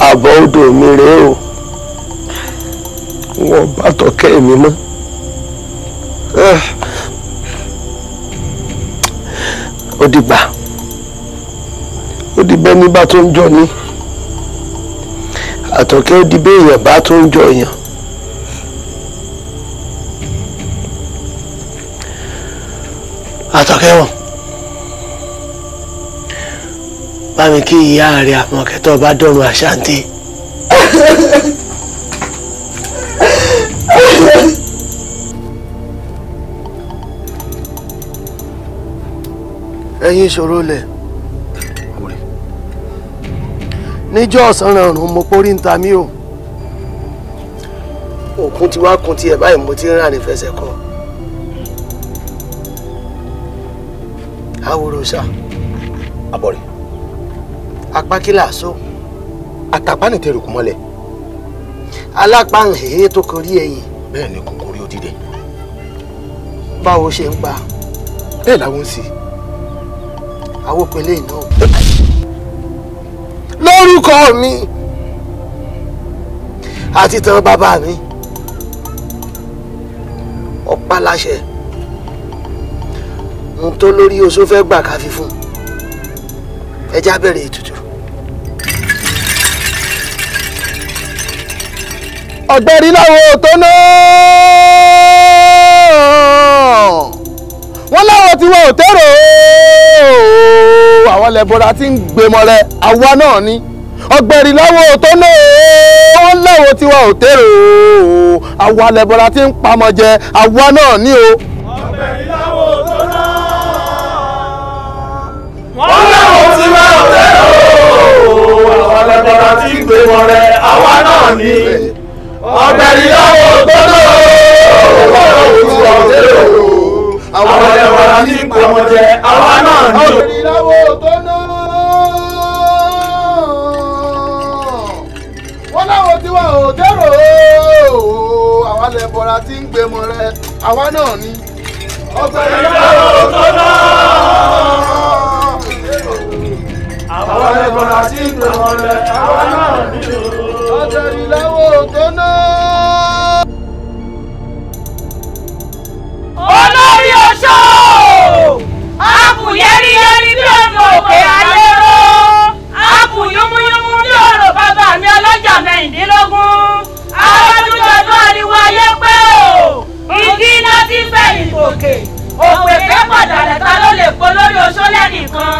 A: àbọ̀ odò mi rèé o wọn bá tọkẹ́ mi mọ́. ní bá tó ń jọ ní àtọ̀kẹ́ di bí èèyàn bá tó ń jọ èèyàn. àtọ̀kẹ́ wọ̀ bá mi kí ìyá rẹ̀ àmọ̀kẹ́tọ̀ bá dọ̀rùn àṣàǹtì. ẹ̀yin ìṣòro lẹ̀. níjọ́ ọ̀sán rọrùn mo porí ń ta mí o òkun ti wá kun tiẹ̀ báyìí mo ti ń rà ní fẹsẹ̀ kan àwòrán ṣá. àbọ̀rẹ̀. apá kí là á so. àtàpá ní tẹrù kún mọ́lẹ̀. alápá ń hèé tó korí ẹ̀yìn. bẹ́ẹ̀ ni kò kórí ó dìde. báwo ṣe ń pa. bẹ́ẹ̀ làwọn ń sì. àwọn pẹ̀lẹ́ iná o orúkọ mi àti tan bàbá mi ọ̀pá láṣẹ n tó lórí oṣó fẹ́ gbà ká fi fún ẹjá bẹ̀rẹ̀ ètùtù. ọ̀gbẹ́rí láwọn tó ná wọ́n láwọn tí wọn ò tẹ́rọ̀ àwọn lẹ́bọ̀ra tí ń gbẹmọ rẹ àwa náà ni ọ̀gbẹ̀rì láwọn tó lé o e. wọ́n láwọn tiwa ò tèrò o àwa lẹ́bọ̀ra tí ń pamọ́ jẹ àwa náà ní o. ọ̀gbẹ̀rì láwọn tó lé e. wọ́n láwọn tiwa ò tèrò o àwa lẹ́bọ̀ra tí ń gbé wọn rẹ àwa náà ní. ọ̀gbẹ̀rì láwọn tó lé o e. wọ́n láwọn tiwa ò tèrò o àwa lẹ́bọ̀ra tí ń pamọ́ jẹ àwa náà ní. ọ̀gbẹ̀rì láwọn tó lé. àdèmọ rẹ àwa náà ni. ọgbẹ́ni lọ́wọ́ tó náà. àwa lè bọ̀dà sí ìgbìmọ̀ rẹ àwa náà ni. ọgbẹ́ni lọ́wọ́
C: tó náà. olórí ọ̀ṣọ́ akùnyẹ́rí yẹ́rí bí ọ̀nà òkè ayé ró akùnyúmúyúmú bí ọ̀rọ̀ bàbá mi ọlọ́jà mẹ́rìndínlógún arábìnrin ọdún àríwá ayé kù tí fẹ̀yìn gòkè òpè fẹ́ pọ̀dàlẹ̀ ta ló lè polórí oṣó lẹ́nìkan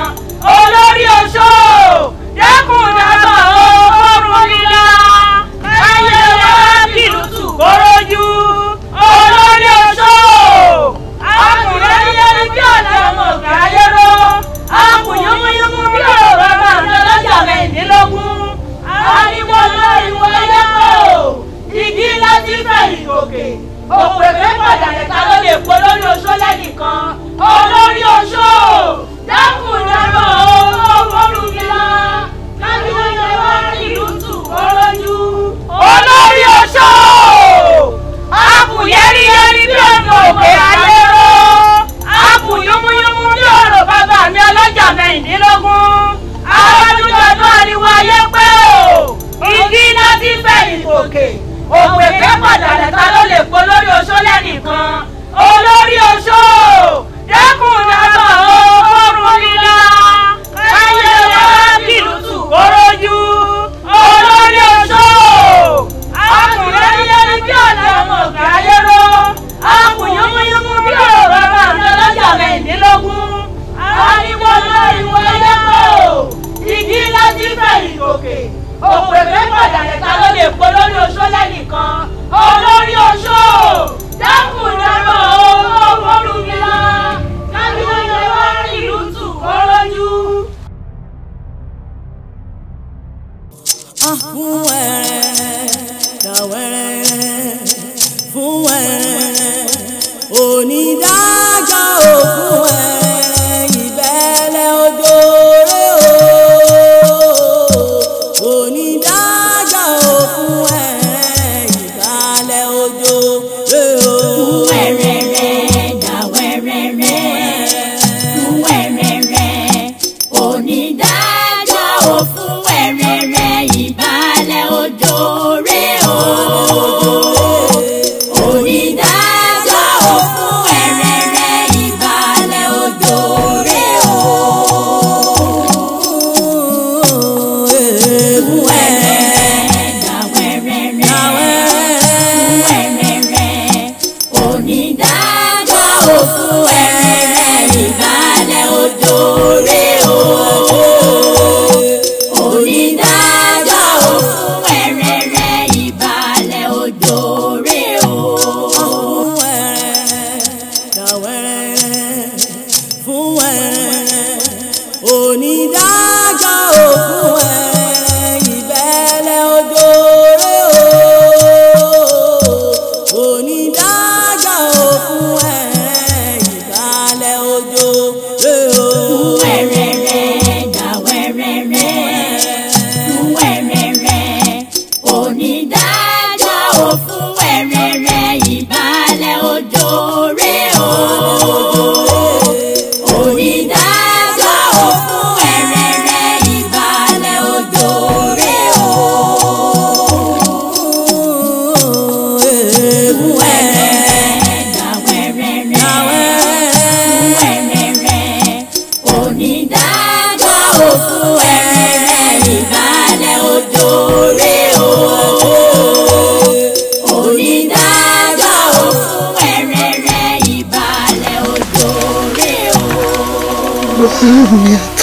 C: olórí oṣó dẹ́kun.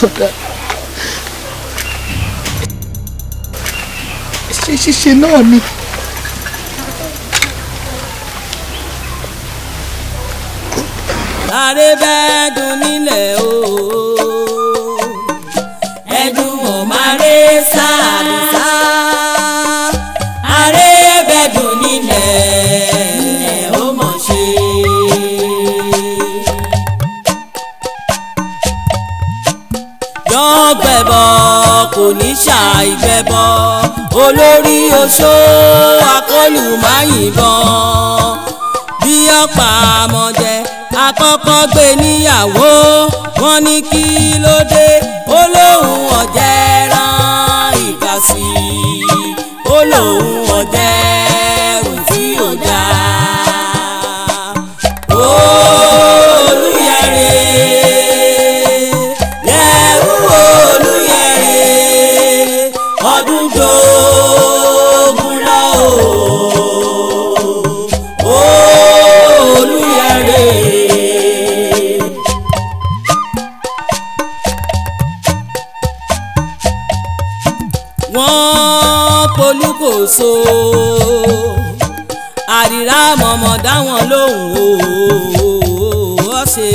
A: sọ̀dà ṣe ṣíṣe náà ni.
C: àrèbẹ́dùn. ẹbọ olórí oṣó akọlù má yìnbọn bí ọ̀pá àmọ̀jẹ akọ́kọ́ gbé níyàwó wọn ní kí ló dé olóhùn ọ̀jẹ̀ rán ìgbà sí i olóhùn So, àrírá mọ̀mọ́ dá wọn lóhùn o ó ṣe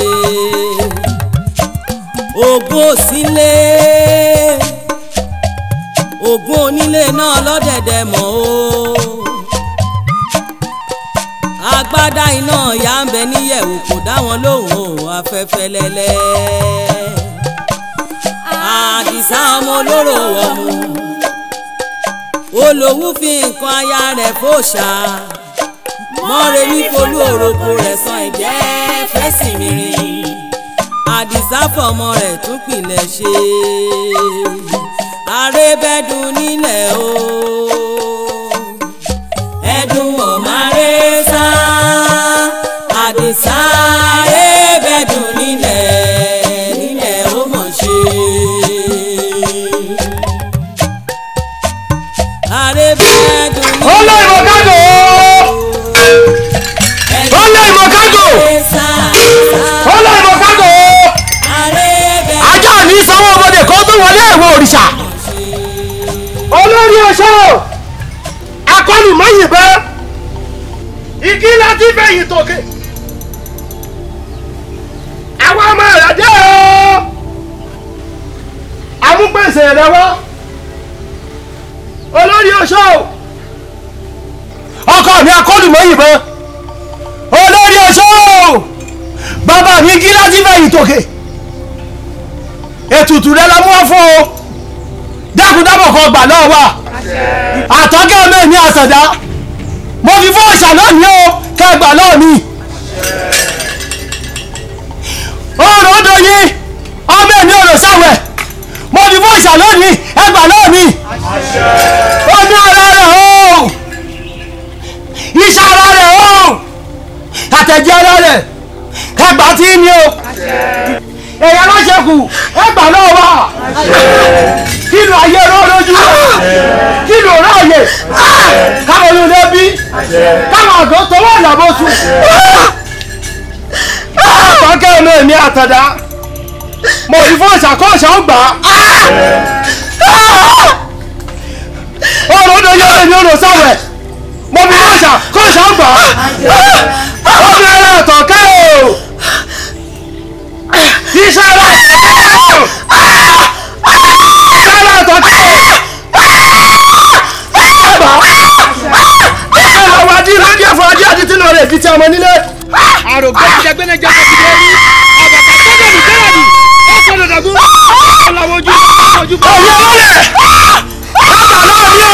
C: ògùn òsínlé ògùn onílé náà lọ́dẹ̀dẹ̀ mọ́ o agbádá iná ìyá ń bẹ níyẹ̀wò kò dá lóhùn o afẹ́fẹ́ lẹ́lẹ́ àdìsá ọmọ olóró wọ̀ mu olówú fi nǹkan aya rẹ̀ fòṣà mọ́remí folú òròkò rẹ̀ san ìjẹ́ fẹ́sìn mìíràn àdìsá fọmọ rẹ̀ tún pìlẹ̀ ṣe àrẹ́bẹ́dùn nílẹ̀ o ẹ̀dùn ọ̀márẹ́sà àdìsá.
A: má yìnbọn igi láti fẹ̀yìn tòkè àwọn ọmọ rẹ̀ dé o amúgbèsè rẹ̀ wọ́ olórí oṣó ọkọ mi akọ́lùmọ́ yìnbọn olórí oṣó bàbá mi igi láti fẹ̀yìn tòkè ètùtù rẹ̀ la mú ọ fún o dákúdábọ̀ kan gbà náà wà àtọ́kẹ́ mi ní àṣàdá mo fi fún ọ̀ṣà lónìí o kẹgbà lónìí ọ̀rọ̀ ọdọyìn ọbẹ̀ ní ọ̀rọ̀ sáwẹ̀ mo fi fún ọ̀ṣà lónìí ẹgbà lónìí ó ní ara rẹ̀ o iṣẹ́ ara rẹ̀ o àtẹ̀jẹ́ ara rẹ̀ kẹgbà tí ní o èèyàn ló ṣe kù
C: ẹgbà náà wà kí ayé rọ lójú ráàyè káwọn olóde káwọn àgọ́ tọwọ́ ìyàbọ̀ sùn.
A: àtọ́kẹ́ ọmọ mi àtàdá mo rí fún ọ̀sà kọ́ ọ̀sà ọgbà.
C: ọ̀rọ̀ ọdún yóò lè ọ̀rọ̀ sáwẹ̀ mo rí fún ọ̀sà kọ́ ọ̀sà ọgbà. ọ̀rọ̀ ẹ̀rọ àtọ̀kẹ́ o. iṣẹ́ rẹ̀ lọ sí i.
A: àwọn adìyẹ ló dé fún adìyẹ àti tìǹbù rẹ̀ fi ti ọmọ nílé. àrògbé ti jẹgbẹ́nẹ jẹ́ kó ti dé rí àbàtà tẹ́lẹ̀ ní tẹ́lẹ̀ ní ẹ̀sán
C: lọ́dọ̀gún ọ̀làwọ̀ ojú ojú bọ́. ọ̀yẹ́ wọlé bàtà náà ni ó.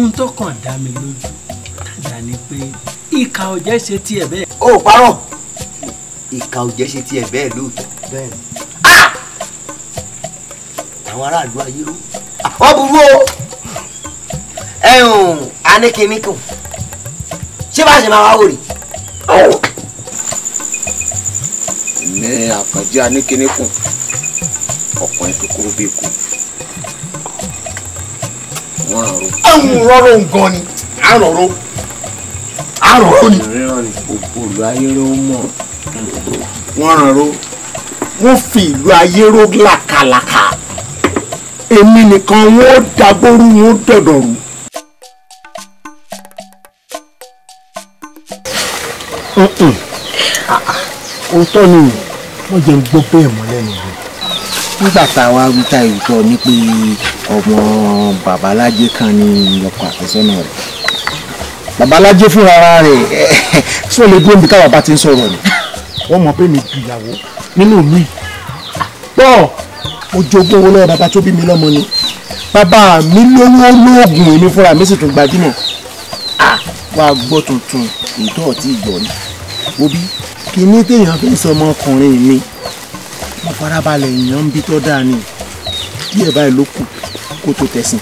A: ohun tó kàn dá mi lójú tàdá ni pé ìkà ọ̀jẹ̀ ṣe tiẹ̀ bẹ́ẹ̀. ó parọ́ ìkà ọ̀jẹ̀ ṣe tiẹ̀ bẹ́ẹ̀ lóòótọ́. bẹ́ẹ̀ni. àwọn aráàlú ayé ló wọ́n burú o ẹ̀hún anékiníkùn ṣé bá ṣe máa wá wòrì. ní àkànjẹ́ anékiníkùn ọkùnrin kúkúrú bíi kú àwọn rọrọ nǹkan ni àròrò àròrò ni. òpòlù ayéró mọ̀. wọ́n rànró wọ́n fi ìlú ayéró làkàlàkà èmi nìkan wọ́n dàgbóru wọ́n dọ̀dọ̀rù. òótọ́ ni wọ́n jẹ́ gbọ́ bẹ́ẹ̀ mọ́ lẹ́nu rẹ̀ nígbà táwa ń ta ìtọ́ ni pé ọmọ babalájé kan ní ọkọ àfẹ́sọ́nà rẹ̀ babalájé fúnra rẹ̀ sọ lè dúró níbi káwa bá ti ń sọ̀rọ̀ ni wọ́n mọ̀ pé mi ju ìyàwó nínú mi pọ̀ mo jogún owó lọ́wọ́ bàbá tó bí mi lọ́mọ ni bàbá mi lówó lóògùn èmi fúnra mi sì tún gbajúmọ̀ wá gbọ́ tuntun ìtọ́ ọ̀tí ìgbọ̀ ni òbí kìíní téèyàn fi ń sọ ọmọkùnrin mi mo farabalẹ̀ èèyàn ń bí tọ́ dáa ni díẹ̀ báyìí ló kù kó tó tẹ̀sìn.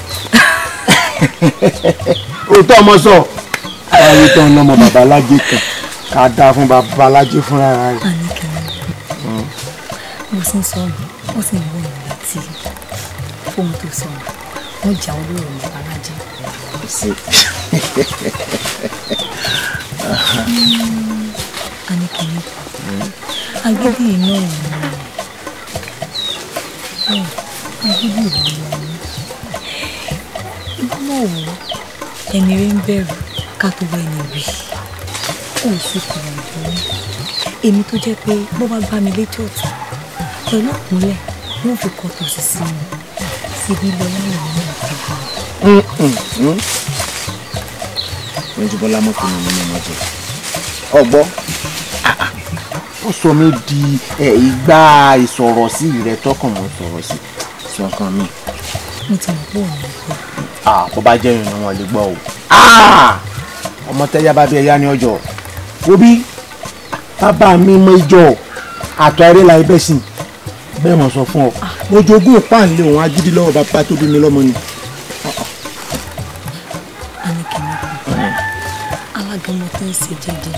A: òótọ́ ọmọ sọ aráyé tó ń lọ́mọ babalájé kan ká dáa fún babalájé fúnra rẹ̀. Hmm.
B: mo sì ń sọ ọ́nà wọ́n sì ń wọ ìrìn àti fóun tó sọ ọ́nà wọ́n jà ọ́ lórí ọ̀nà babalájé.
D: Anikini, hmm. hmm.
B: agídí iná ọ̀hún. Agídí ìwọ̀n mọ̀ wò ó ẹni rẹ ń bẹ̀rù ká tó wá ẹni rí kò sí
D: kùnà ìdúró
B: èmi tó jẹ́ pé bó bá gbá mi létí ọ̀tún pẹ̀lú ìpínlẹ̀ wọn fi kọ́ tòsí sí mi síbi lọ láwọn ọmọ
A: ìpínlẹ̀. wọ́n ju bọ́lá mọ́tò ní ọmọ náà jẹ ọgbọ́ ah, ah. ó sọ mi di ìgbà ìsọ̀rọ̀ sí rẹ tọkàn wọn sọ̀rọ̀ sí sọkàn mi.
B: mo ti mọ̀ pé òun
A: kó bá jẹ́ ìrìn wọn lè gbọ́ o ọmọ tẹ́já bá bí ẹyá ní ọjọ́ òbí bàbá mi mọ ìjọ àtọ̀ eré la ẹbẹ̀ sìn bẹ́ẹ̀ mọ̀ sọ fún ọ mo jogún páàlì òun agídí lọ́wọ́ bàbá tó bí mi lọ́mọ ni.
B: alágàmọ tó ń ṣe jẹjẹ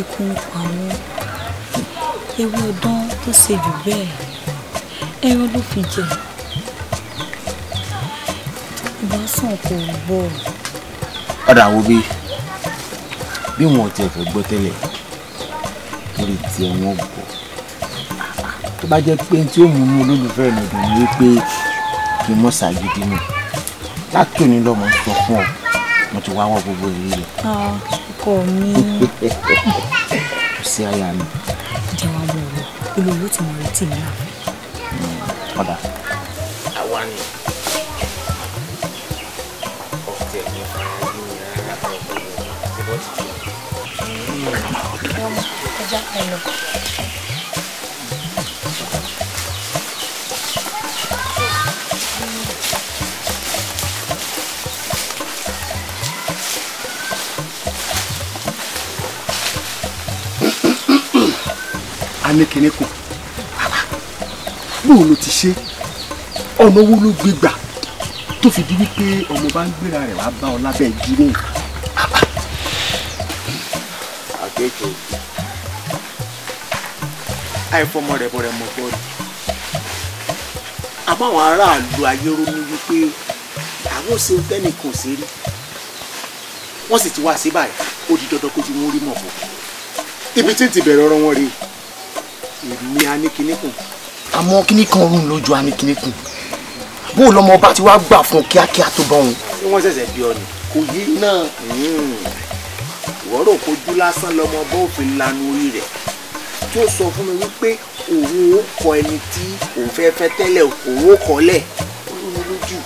B: ikú ń pa wọn ewu ọdán tó ṣe jù bẹ́ẹ̀ ẹran ló fi jẹ bọ́sùn
A: kò gbọ́. ọ̀dà wo bí bí wọn ò tiẹ̀ fẹ́ gbọ́ tẹ́lẹ̀ lórí tiẹ̀ wọn gbọ́ tó bá jẹ́ pé tí ó mú mú olólùfẹ́ mi dùn ní pé kí n mọ̀ ṣàgídí mi láti òní lọ́mọ sọ fún ọ mo ti wá wọ gbogbo èyí rẹ.
C: Ah, ọkọ mi.
A: kò sí àyà mi.
C: jẹ́wọ́ mo rò olówó tí mo retí mi rà.
A: ọ̀dà. ya ẹ lọ. anékiní kù bóun ló ti ṣe ọ̀nà owó ló gbé gbà tó fi di wípé ọmọ bá ń gbéra rẹ̀ wá bá ọ lábẹ́ ìdí nìyí àìfọmọ rẹ̀ bọ̀rẹ̀ mọ̀ bọ́ọ̀lù àmọ́ àwọn aráàlú ayé ronú wípé àwọn ò ṣe tẹ́nìkan ò ṣe rí wọ́n sì ti wá sí báyìí ó di dandan kó ju wọn rí mọ̀ bọ̀ ibi tí ń ti bẹ̀rẹ̀ ọ̀rọ̀ wọn rèé èmi aníkíníkùn. àmọ́ kíní kan rún lójú aníkíníkùn bó lọmọ ọba ti wá gbà fún kíákíá tó bọ́ wọn. ṣé wọ́n ṣẹ̀ṣẹ̀ bí ọ kò yí náà hmm. ìwọ́rọ̀ kojú lásán lọmọ ọba òfin lanu orí rẹ̀ tó sọ fún mi wípé òun ó kọ ẹni tí òun fẹ́ fẹ́ tẹ́lẹ̀ òun ó kọ́ lẹ̀ olú mi lójú.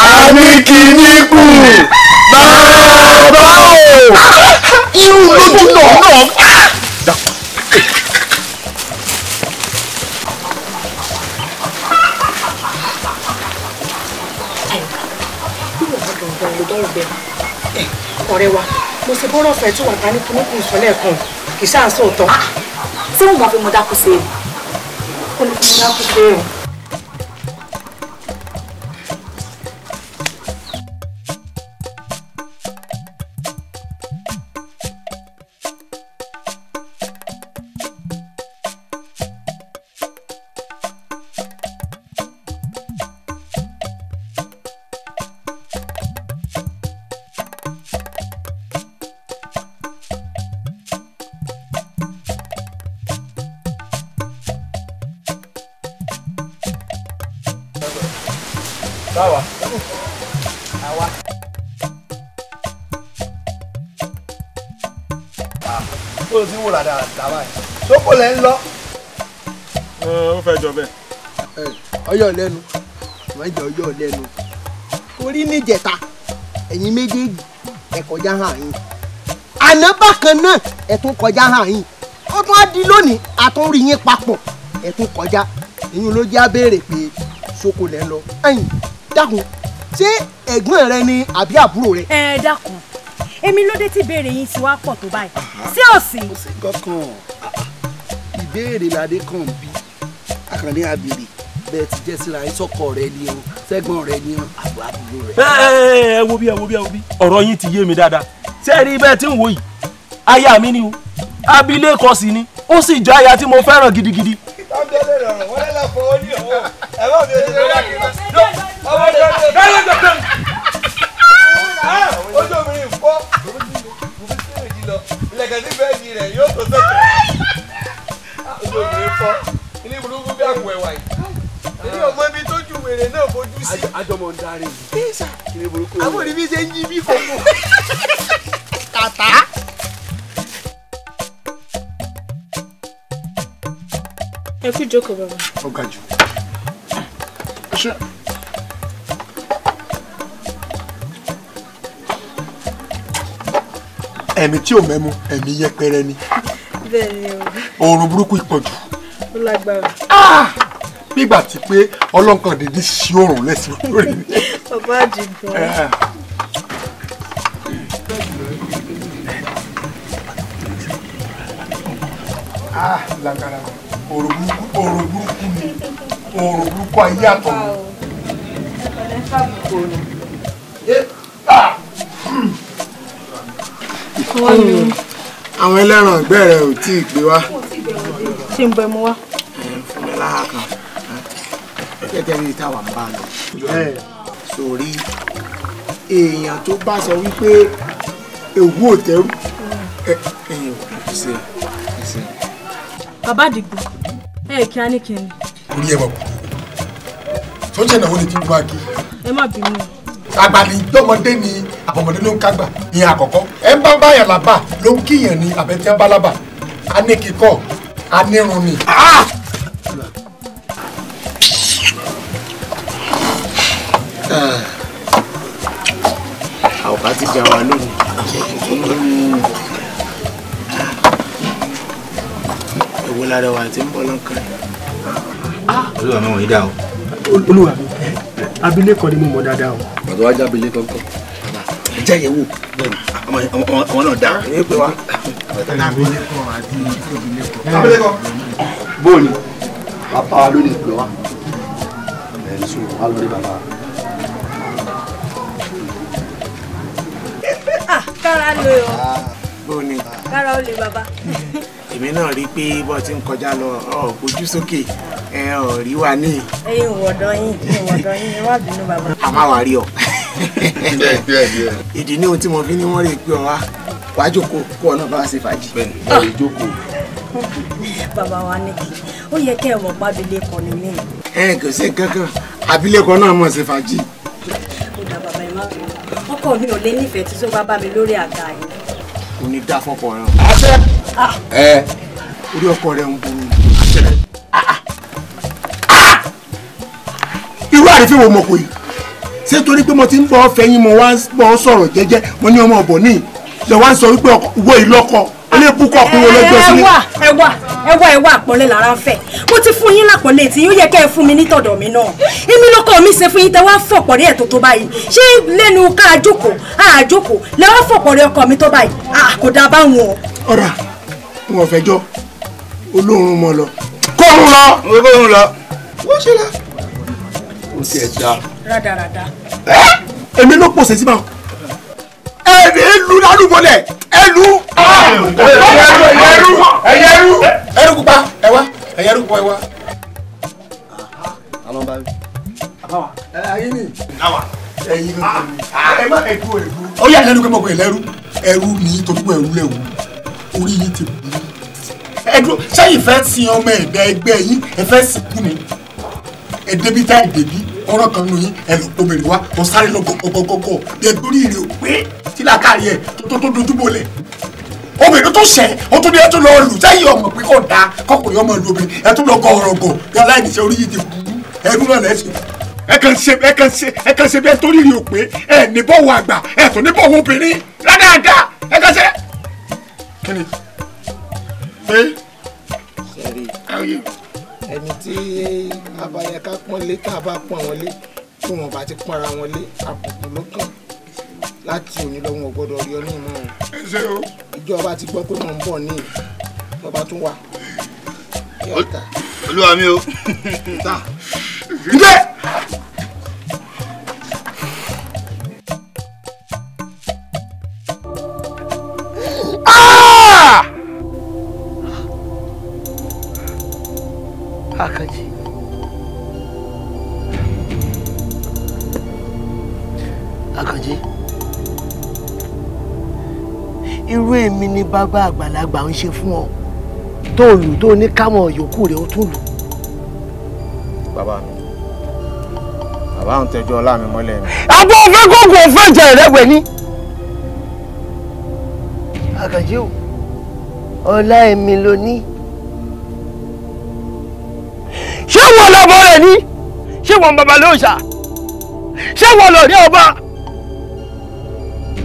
A: àmì kìíní kù
D: bàbá o irú lójú náà náà.
B: ọ̀rẹ́ wa mo ṣe bọ́rọ̀ ọ̀fẹ́ tó wà ká ní kinní kù sọ lẹ́ẹ̀kan kì í ṣáà sóòótọ́. Ah! ṣé mo máa fi mo dákú sí i? mo dákú sí i
A: dáadáa tàwa ẹ̀ sóko lẹ́ ń lọ. ó fẹ́ jọ bẹ́ẹ̀. ọyọ lẹ́nu mẹ́jọ ọyọ lẹ́nu torí níjẹta ẹ̀yin méjèèjì ẹ kọjá hàn yín àná bákan náà ẹ tún kọjá hàn yín ó tún á di lónìí àtúnrí yín papọ̀ ẹ tún kọjá ẹ̀yin ló jẹ́ abéèrè pé sóko lẹ́ ń lọ. ẹ̀yin dákun ṣé ẹ̀gbọ́n rẹ ni àbí àbúrò rẹ. ẹ dákun èmi lóde tí ìbéèrè yín ti wá pọ̀ tó báyìí sí òsì. kò sí kankan ìbéèrè ládé kan bí akànní abèrè bẹ́ẹ̀ ti jẹ́ síra ìsọ̀kọ rẹ ni o sẹ́gbọ̀n rẹ ni o àbọ̀ àbúrò rẹ. ẹ ẹ wo bí ẹ wo bí ẹ wo bí ọ̀rọ̀ yín ti yé mi dáadáa ṣé ẹ rí bẹ́ẹ̀ tí ń wò yìí aya mi ni o abilékọ sì ni ó sì jẹ́ aya tí mo fẹ́ràn gidigidi. ọ̀dọ́lẹ̀ rọrùn
C: wọlé lọ́pọ̀ ó ní òun ẹ̀rọ mi ò ti lọ́ọ́
A: sẹ̀kẹ̀ yóò tó sẹ̀kẹ̀ ojú obìnrin ẹ kú ìjókòó bàbá. ó jù ẹ̀mí tí ò mẹ́mu ẹ̀mí yẹpẹrẹ ni. bẹ́ẹ̀ni o. oorun burúkú ìpọ̀jù. ó lágbára. gbígbà ah! tí pé ọlọ́nkàn dídí sí oorun lẹ́sìn lórí mi.
B: bàbá àjùgbọ́n. Eh.
A: ah lágbára oorun burúkú oorun burúkú ni oorun burúkú ayé àtọ̀run. Yeah. àwọn ẹlẹ́ran ọ̀gbẹ́ rẹ ò tí ì gbé wá. ṣé
B: ń bẹ mu wá. fún mi lára kan
A: gẹ́gẹ́ bí táwa ń bá lọ. sórí èèyàn tó bá sọ wípé ewu ò tẹ́rù ẹ̀yìn ò kì í ṣe ẹ̀sìn.
B: bàbá àdìgbò ẹ̀ kí á ní kí n.
A: orí ẹ̀ wà kúrò tó ń ìnáwó ní kí n bá
B: ẹ má bínú àgbà ní gbọ́mọdé ni
A: àbọ̀mọdé ló ń kágbà ìyẹn àkọ́kọ́ ẹ ń bá báyàn lábà ló ń kíyàn ní àbẹ̀tí ń bá lábà a ní a ní irun ni. àwọn ah! bá ti jẹ àwa lónìí èwo lára wa ti ń bọ́ lọ́kàn. Ah! olúwa mi wọ̀nyí dá o. olúwa mi abilékọ ni mo mọ̀ dáadáa o. bàtà wàá já abilékọ kọ ẹjẹ yẹn wò àwọn náà dá ẹ pé wá. abilékọ àti abilékọ. abilékọ bóòlù bàbá wa lónìí pé wá ẹ̀ ń sùn wá lórí bàbá wa.
C: Ah, kára lè o. bó ni. kára ó lè bàbá.
A: èmi náà rí i pé bó ti ń kọjá lọ ọ gbójú sókè ẹ ò rí wa ní. ẹ̀yin wọ̀dọ̀ yín wọ̀dọ̀ yín ẹ wá bínú bàbá. a máa wà rí ọ. ìdí ní ohun tí mo fi ní wọ́n rè pé ọ wá wàá jókòó kó ọ náà bá wá ṣe fàájì. bẹ́ẹ̀ni ọ lè jókòó.
B: bàbá wa ní kí ó yẹ kẹ́ ẹ̀ mọ̀ pa abilékọ ni mí.
A: ẹ kò sí kankan abilékọ náà mọ̀ ṣe fàájì.
B: ó dà bàbá ẹ má bínú ọkọ mi ò lé nífẹ̀ẹ́ tí tó bá bá mi lórí àga yìí.
A: kò ní dá fọ́pọ̀ rẹ. àṣẹ. Ah. ẹ orí ọkọ rẹ ń bomi. àrífín wo mọ̀ pé ṣé torí pé mo ti ń bọ́ fẹ́yìn mo wá ń bọ́ sọ̀rọ̀ jẹ́jẹ́ mo ní ọmọ ọ̀bọ̀ níì lè wá ń sọ wípé wo ìlọ́kọ olébùkọ̀ ọkùnrin olójó sílé. ẹwà
B: ẹwà ẹwà ẹwà àpọ́nlé lára ń fẹ́ mo ti fún yín lápọ́nlé tí yóò yẹ kẹ́ ẹ fún mi nítọ̀dọ̀ mi náà èmi lọ́kọ mi ṣe fún yín tẹ́ wá fọ̀pọ̀ rí ẹ̀tọ́ tó báyìí ṣé lẹ́nu ká àjókòó àjókòó lẹ́ wá fọ̀pọ̀ rí ọkọ mi tó báyìí àkódà bá wọn. ọ̀rà
A: wọn fẹjọ́ olóorun mọ lọ kóorun lọ. kóorun lọ. wọ́n ṣe la ó ti ẹ̀ da. rádaràda. èmi ló pòsè sí ma ẹ̀rì ìlú lálùbọ̀lẹ̀ ẹ̀lú. ẹ̀yẹ̀rú ẹ̀yẹ̀rú ẹ̀rú pupa ẹ̀ wá ẹ̀yẹ̀rú pupa ẹ̀ wá. bá mi. àbáwá ẹ̀ ayé mi. ẹ̀dú ẹ̀dú. ó yà lẹ́nu pé é lẹ́rú ẹ̀rú ni torí ẹ̀rú lẹ̀ wù orí yìí ti wù ẹ̀dú sẹ́yìn fẹ́ sin ọmọ ẹ̀gbẹ́ ẹgbẹ́ yín ẹ fẹ́ sìnkú ni ẹ̀dẹ́bí tá ìdèbí ọ̀rọ̀ kan nù yín ẹ̀ lọ pọ̀ bẹ̀rẹ̀ wá kò sáré lọ gọ̀gọ̀gọ̀gọ̀ ẹ̀ torí ìrè ò pé tílà káàrí ẹ̀ tó tó dojúbò lẹ̀ obìnrin tó ṣẹ̀ ó tún ní ẹ tún lọ lù sẹ́yìn ọmọ pé kò dáa kọkùnrin ọmọ lu obìnrin ẹ tún lọ gọ ọ̀rọ̀ gọ̀ bí aláìníṣẹ́ orí yìí ti fún ẹnu náà lẹ́sìn ẹ kàn ṣe ẹ kàn ṣe ẹ kàn ṣe bí ẹ torí ìrè ò pé ẹ ní bọ̀wọ̀ àgbà ẹ tún ní bọ̀wọ̀ obìnrin rádáadáa ẹ kàn ṣe. kí ni pé ẹni tí abayẹ ká pọ́n lé tá a bá pọ́n wọn lé tí wọn bá ti pọ́nra wọn lé àpòpò ló láti òní lọ́wọ́ gbọ́dọ̀ rí ọ ní ìmọ̀ wọn. o. ìjọba ti gbọ́ pé wọ́n ń bọ̀ ní ìjọba tún wà. olúwa mi o.
C: ǹjẹ́. haka ce
A: haka ce irú èmi ni bàbá àgbàlagbà ń ṣe fún ọ tó lù tó ní kámọ̀ yòókù rẹ̀ ó tún lù. bàbá mi bàbá ń tẹjọ́ ọlá mi mọ́lẹ̀ mi. àbọ̀ ọ̀fẹ́ gbọ̀ngàn ọ̀fẹ́ jẹ ìrẹ́wẹ̀ ni. àkàjẹ́ o ọlá èmi ló ní. bẹ́ẹ̀ ni ṣé wọn bàbá ló ń ṣà ṣé wọn lọ ní ọba.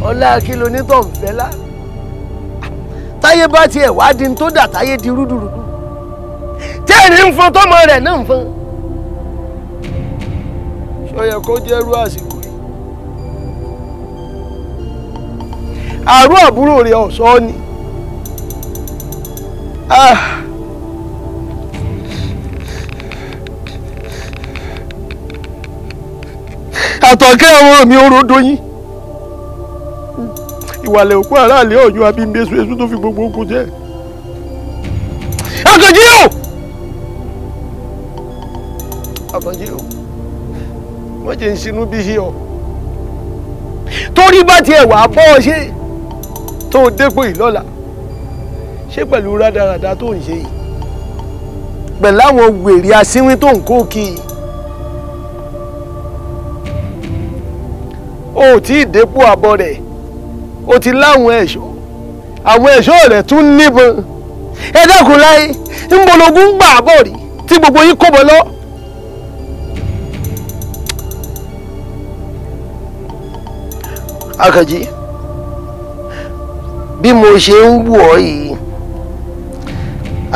A: ọlá akíló onítọ̀ nfẹ́lá táyé bá tiẹ̀ wá di tó dà táyé di rúdurùdu tẹ́ẹ̀ni ń fọn tọ́mọ rẹ̀ náà ń fọn. ṣọyẹ kó jẹ́ rú àsìkò yìí. àrùn àbúrò rẹ̀ ọ̀sọ́ ni. Ah. àtọ̀kẹ́ ọ̀rọ̀ mi ó rodo yín ìwàlẹ̀ òkú aráàlú ọ̀yọ́ abímbésù èso tó fi gbogbo oko jẹ́ àkànjí o àkànjí o wọ́n jẹ́ ń sinú bí ṣe ọ torí bá tiẹ̀ wà bọ́ ọ ṣe tó o dépò ìlọ́la ṣé pẹ̀lú rádaràda tó ń ṣe yìí pẹ̀lú àwọn wèrè asínwín tó ń kó kí i. o ò tí ì dépò àbọ̀ rẹ̀ o ti láwọn ẹ̀ṣọ́ àwọn ẹ̀ṣọ́ rẹ̀ tún níbọn ẹ dákun láyé ńbọlógún ń gbà àbọ̀ rí tí gbogbo yín kọ́bọ̀ lọ. akànjí bí mo ṣe ń wù ọ́ yìí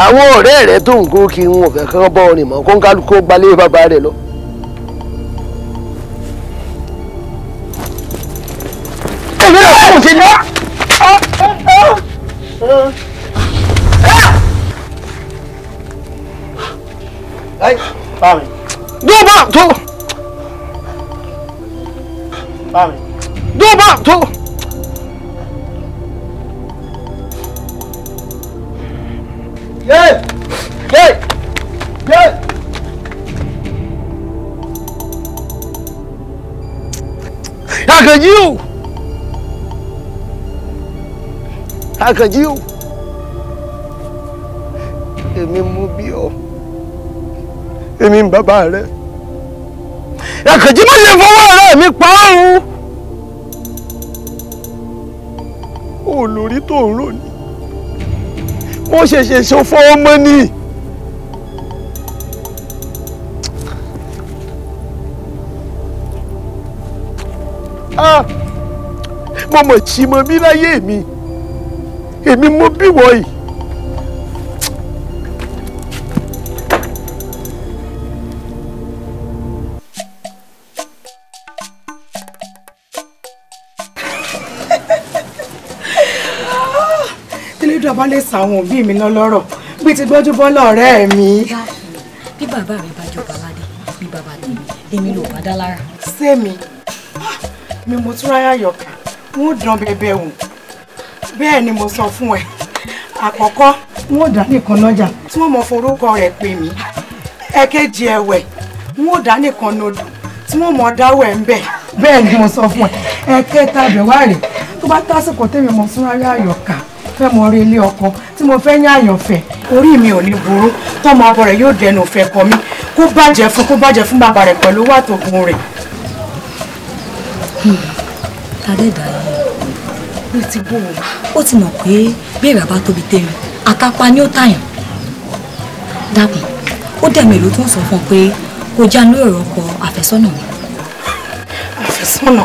A: àwọn ọ̀rẹ́ rẹ tó ń gòkè wọn ò kán bọ́ ọ̀rìn mọ́ kó ń kálukú gbalé bàbá rẹ̀ lọ. 哎！来，阿伟，落棒头，阿伟，落棒头，耶！耶！耶！阿哥牛！Àkànjí o èmi mú bí ọ èmi ń bàbá rẹ Àkànjí má ṣe fọwọ́ rẹ mi pa ọ́rùn olórí tó ń rò ní wọ́n ṣẹ̀ṣẹ̀ ṣe fọwọ́ mọ́ ni. Ah! mo mọ̀ tí mo bí láyé mi. Ah èmi mo bí wọ yìí.
B: tẹ́lẹ̀dọ́ bá lè sàwọn òbí mi lọ́lọ́rọ̀ bí ti gbọ́jú bọ́lá ọ̀rẹ́ mi. bí bàbá mi bá jọba ládé bí bàbá tèmi èmi ló bá dá lára. sẹ́mi ah, mi mo tún ráyà yọ̀ọ̀kà wọ́n dán bẹ́ẹ̀ wò. bẹ́ẹ̀ ni mo sọ fún ẹ àkọ́kọ́ wọn ò dá nìkan tí wọ́n mọ forúkọ rẹ̀ pè mí ẹ̀kejì ẹ̀wẹ̀ wọn ò dá nìkan tí wọ́n mọ dáwọ̀ ẹ̀ ń bẹ̀ bẹ́ẹ̀ ni mo sọ fún ẹ ẹ̀kẹta rẹ̀ tó bá tásìkò tèmi mọ súnráyà àyọ̀ká fẹ́ mọ orí ilé ọkọ tí mo fẹ́ ní orí mi ò ní burú tọmọ bí ti bò ó ó ti mọ̀ pé bí èrè bá tóbi tẹ́rin àkápá ni ó tàyàn dákun ó dẹ̀mí ló tún sọ fún ọ pé kò já ní ọ̀rọ̀ ọkọ àfẹ́sọ́nà mi. àfẹ́sọ́nà.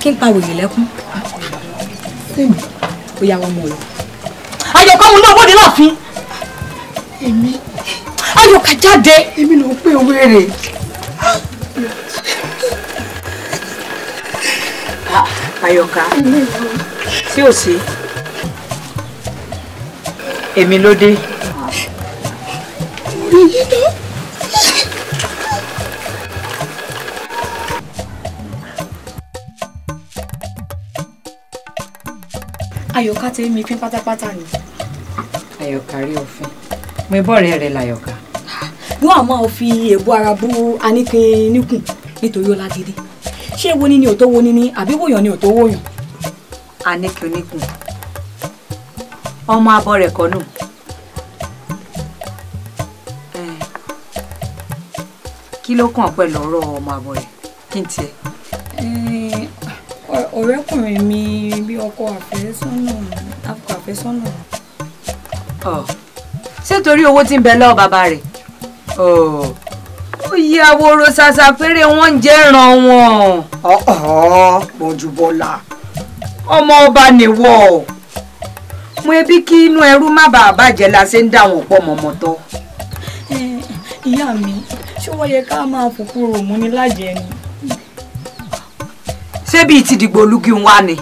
B: kí n pa wèrè lẹ́kún fíìmù ó yá wọn mọ̀ ọ́. ayọ̀kọ́ mu náà wọ́de láàfin. èmi. ayọ̀kà jáde. èmi ló ń pè wéré. Àyọ̀ká tí ò sí èmi ló dé. Àyọ̀ká tẹ́ mi pín pátápátá ni. Àyọ̀ká rí òfin mo ìbọ̀rẹ̀ rẹ̀ làyọ̀ká. Yóò àmọ́ fi èbú ara bú Aníkẹ́ níkùn nítorí ó lágídí ṣé wo ni ni ò tó wo ni ni àbí wòyàn ni ò tó wòyàn. àníkì oníkùn ọmọ abọ́ rẹ̀ kọ́ nù. kí ló kàn pẹ̀lú ọ̀rọ̀ ọmọ abọ́ rẹ̀ kí n tiẹ̀. ọ̀rẹ́kùnrin mi bí ọkọ àfẹ́sọ́nà ọkọ àfẹ́sọ́nà. ṣé torí owó tí ń bẹ lọ́wọ́ bàbá rẹ̀? ó yí aworo ṣàṣà fèrè wọn ń jẹ́ ràn wọn. Mọ̀júbọ́lá. ọmọ ọba nìwọ mo ebi kí inú ẹrú má bàa bàjẹ́ la ṣe ń dà wọ́n pọ̀ mọ́mọ́ tọ́. Eh, ìyá mi ṣé wọ́n yẹ ká máa fòkúrò mú ni lájẹ ni. ṣé ti dìgbò olúgi wa ni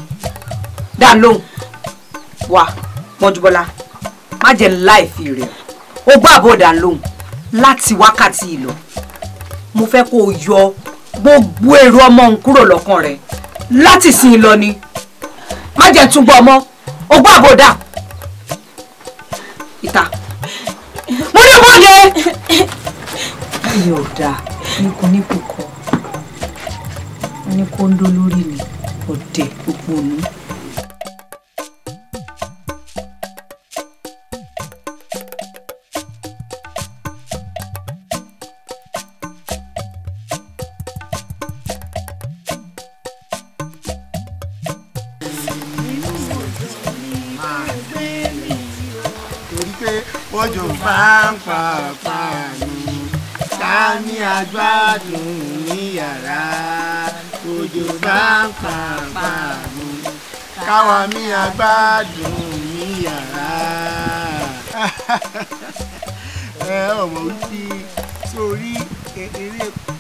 B: dá lóhùn wá Mọ̀júbọ́lá má jẹ́ láì fi rẹ̀ o gbọ́ àbọ̀dà lóhùn láti wákàtí ìlọ mo fẹ́ kó o yọ gbogbo èrò ọmọ òun kúrò lọ́kàn rẹ̀ láti sìn lọ ni má jẹ́ tún gbọ́ ọmọ ogbó àbòdà ìta mo ní bọ́ọ̀dẹ. ayọ̀ ọ̀dà níkun níkun kọ́ ní kóńdó lórí ni ọ̀dẹ̀ gbogbo òun.
A: láǹpàpà nù ká ní agbádùn ní yàrá òjò láǹpàpà nù káwa mi agbádùn ní yàrá. ẹ ọmọ wípé sórí eré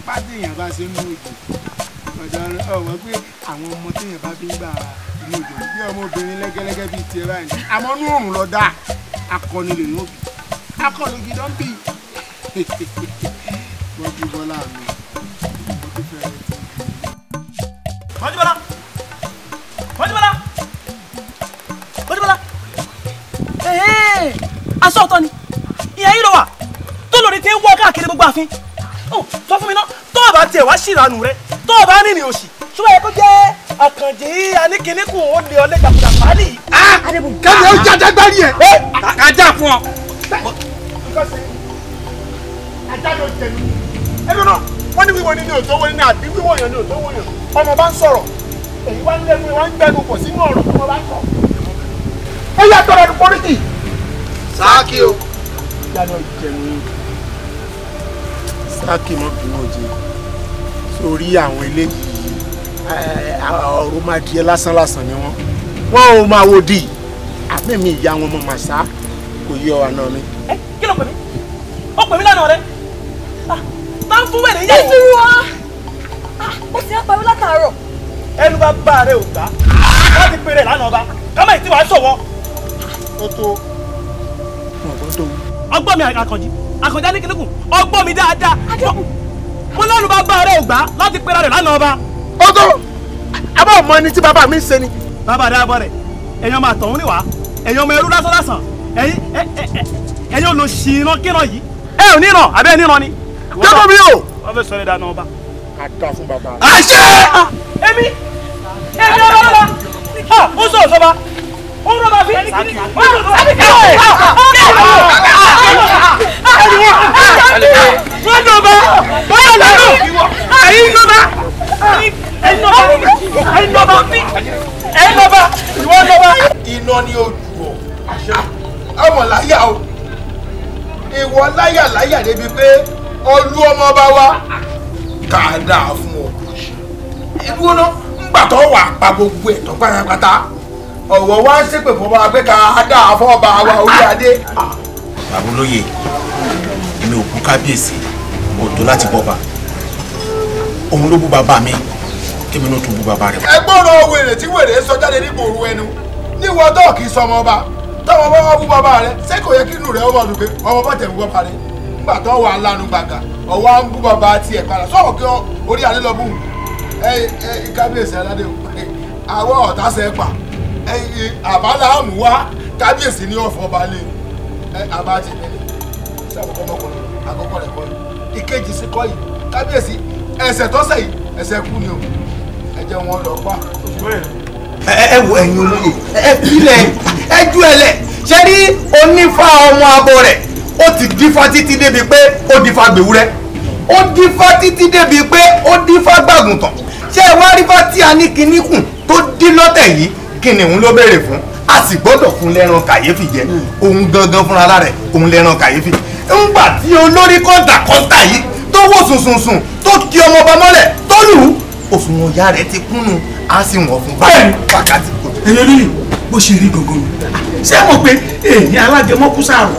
A: pàdéyàn bá ṣe ń mú òjò ọ̀dọ̀ ọmọ pé àwọn ọmọ téèyàn bá fi ń gbà inú òjò bí ọmọbìnrin lẹ́gẹ́lẹ́gẹ́ bíi tiẹ̀ báyìí àmọ́ inú òrùn lọ dáa akọni lè ní òbí akọ̀lù gidan bì mọ́jú bọ́lá mi mọ́jú fẹ́rẹ́ tí. mọ́jú bọ́lá mọ́jú bọ́lá mọ́jú bọ́lá aṣọ ọ̀tọ̀ ni ìyẹn yìí lọ wà tó lórí tí ń wọ́ káàkiri gbogbo ààfin sọ fún mi náà tó o bá tiẹ̀ wá ṣìranù rẹ tó o bá rìnrìn òsì ṣùgbọ́n ẹ kó jẹ́ àkànjì aníkìníkùn ó lé ọ lé jàpùjàpá nìyí. Ah! adébùn kẹ́mi ó jáde gbárí ẹ̀. kájà fún ọ because ajá ló jẹ mí. ẹ lọ́nà wọ́n ní wíwọ ni ní òtó wọ́n ní àbí wíwọ yàn ní òtó wọ́n yàn ọmọ bá ń sọ̀rọ̀ èyí wá ń lẹ́nu wá ń gbẹ́nu pọ̀ sínú ọ̀rọ̀ tó wọ́n bá ń sọ. ó yà tọrọ ẹnu pọ́lítì. sáàkì o. ajá ló jẹ mí. sáàkì mọ́ kí wọ́n jẹ sórí àwọn eléyìí eh, ọ̀rọ̀ máa di ẹ lásán lásán ni wọ́n wọ́n ò máa wo di àmì mi ìyá wọn mọ̀ màsá kò yí ọ àná mi ló pè mí ó pè mí lánàá rẹ
C: tá ah, ń fún wẹ̀rẹ̀ yẹ̀wò. ìdúró wa ah, ó ti ń pariwo látàárọ̀.
A: ẹnu bá bá rẹ ò gbá wọ́n ti pèrè lánàá ọba kámẹ́ ìtì wàá ṣọ̀wọ́. ó tó ọgbọ́n mi àkànjí àkànjí adékèlégún ọgbọ́n mi dáadáa mo lẹ́nu bá bá rẹ ò gbá láti pèrè rẹ lánàá ọba. o tó abọ́ ọmọ ẹni tí bàbá mi ń ṣe ni. bàbá dáàbọ̀ rẹ̀ ẹ̀yàn máa tọ̀hún níwá ẹ̀yàn ọmọ ẹrú lásán lásán ẹ̀yìn ẹ̀yin ò lọ sí iná kíran yìí ẹ ò níran àbẹ́ níran ni. jọ́bọ̀ mi o. wọ́n fẹ́ sọ ẹ̀ dáná ọba. a dá fún bàbá. àṣẹ.
C: èmi èmi ọlọ́ba ó sọ ọ̀sọ́ba ó rọ́bà fi. wọ́n
A: dọ̀ba wọ́n dọ̀ba ẹ̀yin dọ̀ba ẹ̀yin dọ̀ba ẹ̀yin dọ̀ba ẹ̀yin dọ̀ba ìwọ́n dọ̀ba. iná ni ojú ọ ọmọ láyà o ìwọ láyà láyà débi pé olú ọmọ bá wá kà fún ọ ìlú ọ̀nà ńgbà tó wà pa gbogbo ẹ̀ pátápátá ọ̀wọ̀ wá ń ṣépè fún wa pé kà á ọba wa orí adé. bàbá olóye èmi ò kú kábíyèsí òdo láti bọba òun ló bú bàbá mi kémi ló tún bú bàbá rẹ. ẹgbọ́n ọ̀rọ̀ wèrè tí wèrè sọ jáde nígboro ẹnu níwọ̀n tó kì í táwọn bá wá bú bàbá rẹ ṣé kò yẹ kí inú rẹ ọmọ dùn pé ọmọ bá tẹ̀ ń bàbá rẹ nígbà tó wà lánàá gbàgà ọwọ́ à ń bú bàbá tiẹ̀ padà sọ̀rọ̀ kí orí alẹ́ lọ bù ú ẹ ẹ kábíyèsí aládé o àwọn ọ̀tá ṣe pa àbálà àmú wá kábíyèsí ní ọ̀fọ̀ balẹ̀ àbá ti bẹ̀rẹ̀ sábàkọ́ ọmọkùnrin àkọ́kọ́ rẹ̀ kọ́ ìkejì sí kọ́ yìí kábíyèsí ẹsẹ̀ tọ́sẹ̀ yìí ẹsẹ̀ kú ni o ẹ̀jẹ̀ wọn lọ ẹ wo ẹ̀yin olóye ẹ filẹ̀ ẹ ju ẹ lẹ̀ ṣé rí onífà ọmọ abo rẹ̀ ó ti dífá títí débi pé ó dífá gbèwúrẹ́ ó dífá títí débi pé ó dífá gbàgùntàn ṣé ẹ wá rí fá tí a ní kinní kùn tó dín lọ́tẹ̀ yìí kìnìún ló béèrè fún a sì gbọ́dọ̀ fún lẹ́ran kàyéfì jẹ hmm. òun gangan fúnra rẹ̀ òun lẹ́ran kàyéfì ńgbà tí olórí kọ́ńtà kọ́ńtà yìí tó wò sùnsùnsùn tó kì ọmọọba mọ́lẹ̀ tó lù ú òṣùwọ̀n ìyá rẹ̀ ti kúnnù á sì wọ̀n fún wákàtí kò. ẹyọ lílì bó ṣe rí gbogbo mi ṣé mo pé èyí alágẹmọkúsàrò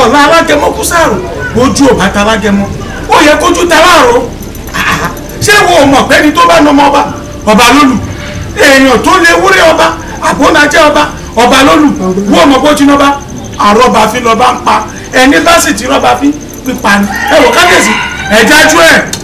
A: ọ̀la alágẹmọkúsàrò ojú òbáta alágẹmọ ó yẹ kójú taláàrọ ṣé wo mọ̀ pẹ́ni tó bá nọmọ ọba ọba lólu èèyàn tó lé wúrẹ́ ọba àbónajẹ́ ọba ọba lólu wọ́n mọ̀ bó ti nọba àrọ́bàfin lọ́ba ń pa ẹni bá sì ti rọ́bàfin pípa ni ẹ wò kábíyèsí ẹ̀ jájú ẹ̀.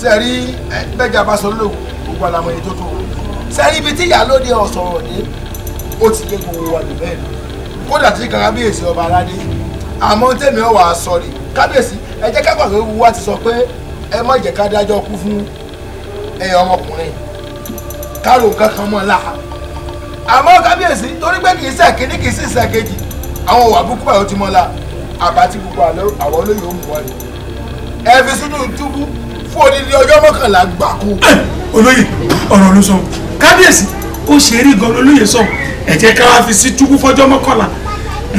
A: sẹ́rí bẹ́jà bá sọ lóògùn gbogbo àlàmọ́ yìí tó tó o sẹ́rí ibi tí ìyálóde ọ̀sọ̀rọ̀ dé ó ti lé gbogbo wa lò bẹ́ẹ̀ lọ kódà tí kábíyèsí ọba aládé àmọ́ tèmi ò wá sọ rí kábíyèsí ẹ jẹ́ ká gbàgbé wa ti sọ pé ẹ má jẹ́ ká dájọ́ kú fún ẹ̀yà ọmọkùnrin káàrò nǹkan kan mọ́ láha àmọ́ kábíyèsí torí pé kì í ṣe kíní kì í sì ṣe kejì àwọn òwà búkú báyọ̀ ti mọ́ la àbá tí gbogbo àwọn olóyè ó mú wá ẹ fi sínú túbú fún odidi ọjọ́ mọ́kànlá gbáko. olóyè ọ̀rọ̀ ló sọ kábíyèsí ó ṣe rí gan olóyè sọ ẹ jẹ́ ká wá fi sí túkú fọ́jọ́ mọ́kànlá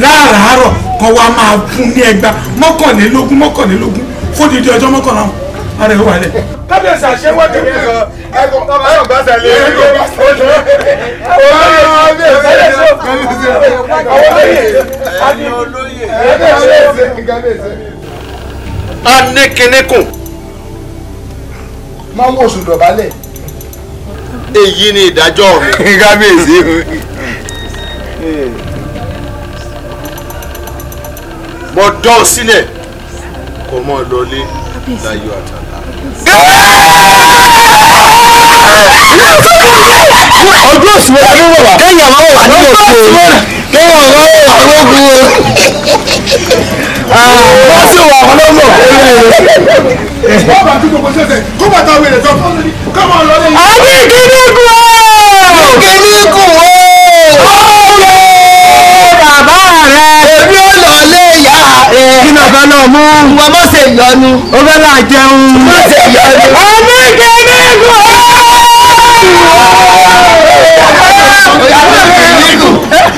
A: láàárọ̀ kan wá máa fún ní ẹgbà mọ́kànlélógún mọ́kànlélógún fún odidi ọjọ́ mọ́kànlá ara ẹ̀ wà lẹ̀. kábíyèsí àṣewọ́dé mi. ẹ̀kọ́ ọba yóò gbà sẹ́lẹ̀ ẹ̀kọ́ ọba yóò gbà sẹ́lẹ̀ ẹ̀kọ́ má wò sùn dọ̀bálẹ̀. èyí ni ìdájọ́ mi. kábíyèsí o. mo dán ọ sílẹ̀ kò mọ̀ ọ́ lọlé láyọ̀ àtàlà.
C: ojú òsùn wa ló wà kéèyàn máa wà ní òkú kéèyàn máa wà lókù wọ́n sì wà ọlọ́mọ wọ́n bá tún gbogbo ṣẹ̀ṣẹ̀
A: kó bàtà wẹ̀rẹ̀ sọ mọ̀ ṣe
C: ìyọnu. ó fẹ́ máa jẹun. mọ̀ ṣe ìyọnu. ọmọ gíníkù o.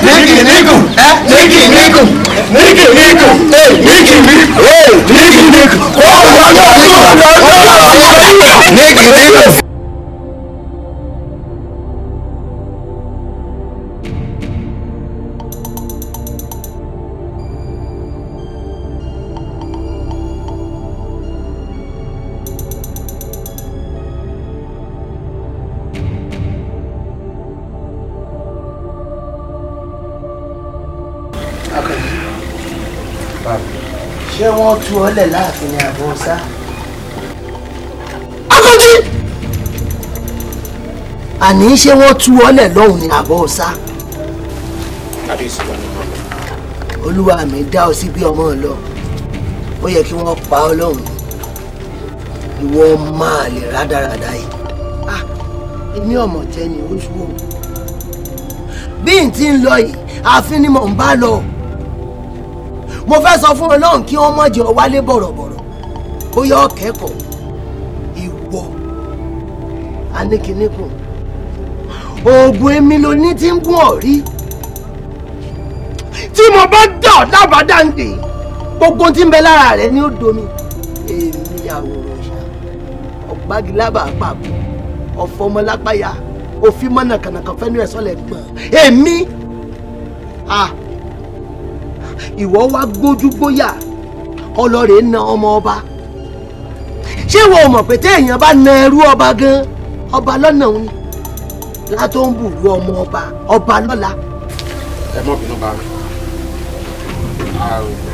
A: Nígì nígù, nígì nígù, nígì nígù. Nigga, nigga, hey,
D: nigga, nigga, hey, nigga, nigga. Oh my God, oh my God, nigga, nigga.
A: wọ́n tú ọ lẹ̀ láàfin ní àbọ̀ sá. akọ́jí. àní ṣé wọ́n tú ọ lẹ̀ lọ́hùn ní àbọ̀ sá. olúwa mi dá ọ sí bí ọmọ lọ ó yẹ kí wọ́n pa ọ lọ́hùn ìwọ máa lè rádaràda yìí. Ah, èmi ọmọ tẹni oṣù wo bí n ti ń lọ yìí àfin ni mò ń bá lọ mo fẹ́ sọ fún ọlọ́run kí wọ́n mọ̀jẹ̀ ọ wálé bọ̀rọ̀bọ̀rọ̀ bóyá ọ̀kẹ́kọ̀ọ́ ìwọ aníkíníkùn oògùn èmi ló ní tí ń gún ọ rí tí mo bá dọ̀ lábàdàǹdè gbogbo tí ń bẹ lára rẹ ni ó domi èmi àwòrán ṣá ọ̀gbágilábà pàbó ọ̀fọ̀mọlápáyà òfin mọ́nàkànàkàn fẹ́nu ẹ̀ sọ́lẹ̀ gbọ̀n èmi ah ìwọ wá gbójú gbóyà ọlọ́rẹ̀ na ọmọ ọba ṣé ìwọ ò mọ̀ pé téèyàn bá na ẹrú ọba gan ọba lọ́nà òun ni látó ń bù lu ọmọ ọba ọba lọ́la. ẹ mọ̀ bínú bá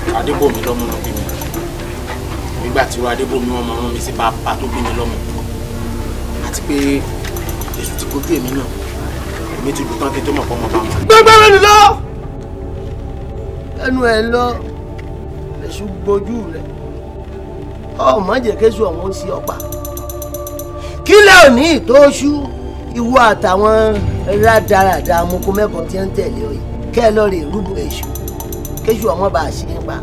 A: mi adébòmí lọ́mọ ló bí mi nígbà tí wọ́n adébòmí wọn máa rán mi sí bàbá tó bí mi lọ́mọ àti pé èṣù ti kojú èmi náà èmi ti dùn tán kí n tó mọ̀ pọ́ ọmọ bá wọn. gbẹgbẹrẹ nìlọ ẹnu ẹ lọ èṣù gbojú rẹ ọmọ jẹkẹsù ọ̀hún sí ọ̀pá kílẹ̀ òní ìtọ́ṣú ìwọ àtàwọn rádaràda amúkú mẹ́kọ̀ọ́ tí ń tẹ̀lé ọ yìí kẹ́ ẹ lọ rè rúbọ èṣù kéṣù ọmọ bá a ṣe ń pa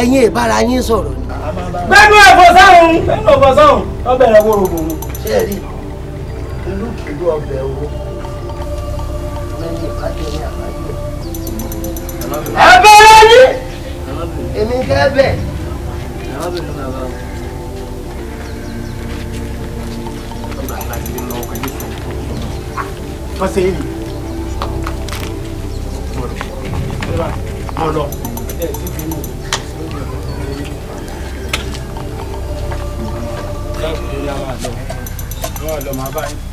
A: ẹ̀yin ìbára yín sọ̀rọ̀ ni. bẹ́ẹ̀ni ẹ̀fọ́ sáhùn bẹ́ẹ̀ni ẹ̀fọ́ sáhùn ọbẹ̀ rẹ̀ wọ́rọ̀ gbòòrò. ṣé ẹ rí ìlú kìlú ọbẹ̀ owó. ẹ̀bẹ̀
C: rẹ ni
A: èmi kẹ́ bẹ̀. pàṣẹ yìí mọ̀ lọ. Thank you.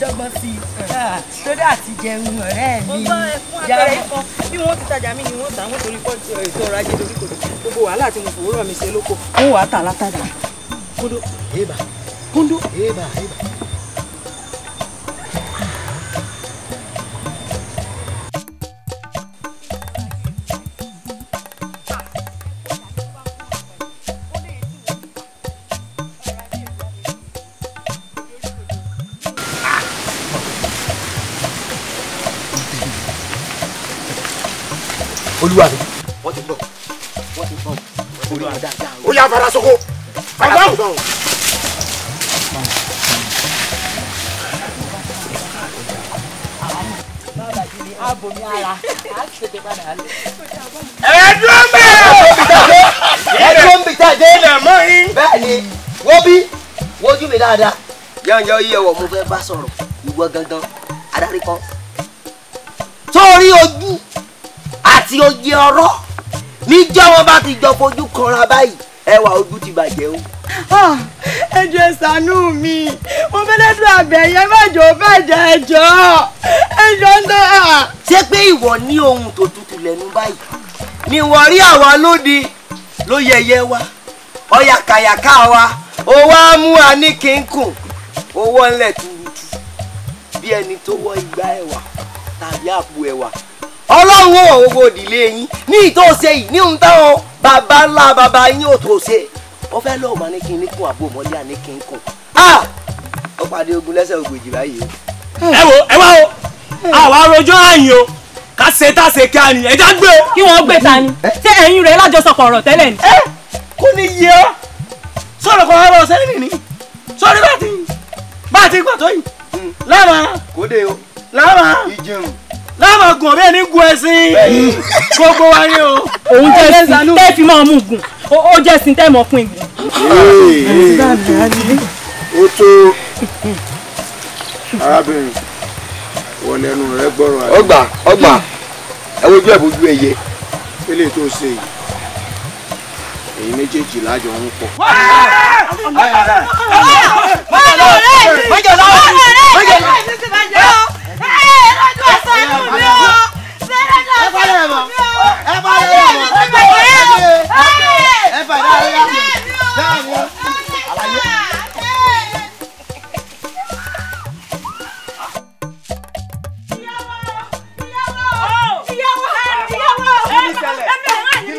B: dọ́gbọ́n sí i ah, tó dà ti jẹun ọ̀rẹ́ mi. mo gbọ́ ẹkún agbára ẹ̀kọ́ bí wọ́n ti tajà mí ni wọ́n tà wọ́n torí pọ́ọ̀tù ètò ọrọ̀ ajé lórí kòtò gbogbo wàhálà tí mo fòwúrọ̀ mi ṣe lóko. n wàá tà látàjà. kúndó èèbà
A: kúndó èèbà èèbà.
C: ẹ̀ẹ́dúró bẹ́ẹ̀.
A: ẹ̀ẹ́dúró ń bìtá dé. ilẹ̀ mọ́ yín. bẹ́ẹ̀ ni wo bí wojú mi dáadáa. yànjọ iye wọ̀ mo fẹ́ bá sọ̀rọ̀ ìwọ gangan adarí kan. sórí ojú àti oye ọ̀rọ̀ níjọ́ wọn bá ti jọ fojú kanra báyìí ẹwà ojú ti bàjẹ́ o.
C: ẹjọ́ ẹ ṣàánú mi mo fẹ́ lẹ́dùn àbẹ̀ yẹn má bàjẹ́ ẹjọ́ ẹjọ́ náà. ṣé pé ìwọ ní ohun tó
A: tutù lẹ́nu báyìí
C: ni wọ́n rí àwa
A: lóde ló yẹyẹ wa ọ̀yà wa ó wá a ní kínkùn owó ńlẹ̀ tuurutu bí ẹni tó wọ́ igba ẹ̀wà tàbí àpò ẹ̀wà ọlọ́run ò owó ìdílé yín ní ìtòsẹ́ yìí ní ohun táwọn bàbá ńlá bàbá yín ò tó ṣe ó fẹ́ lọ́ọ̀mà ní kí àbò mọ́lé àní kí n ogun lẹ́sẹ̀ ògbèjì báyìí
C: o. ẹ wo ẹ wá o hmm. àwa rojọ́ àyìn o ká ṣe tá ṣe kí a ní ẹja gbé o. kí wọ́n gbé ta ni ṣé ẹ̀yin rẹ̀ lájọsọpọ̀ ọ̀rọ̀ tẹ́lẹ̀ ni. ẹ kò ní yẹ ọ sọ̀rọ̀ kan wá bá ọ̀sẹ̀ nìyí ni
A: sọ̀rọ̀ bá ti bá ti gbà tó yìí láàmà kóde o láàmà ìjẹun láàmà gùn ọ̀bẹ ní gun ẹ̀sìn gbogbo wa ni o. òun tẹ tẹ fi máa mú gùn ó jẹ́ sin tẹ́ mọ́ fún ìgbìn. ó tó arábìnrin wọ́n lẹ́nu rẹ gbọ́rọ̀ àyè. ọgbà ọgbà ẹ wojú ẹ bójú ẹ yẹ. kílè tó ṣe yìí èyí méjèèjì lájọ ń pọ̀.
C: Yeah.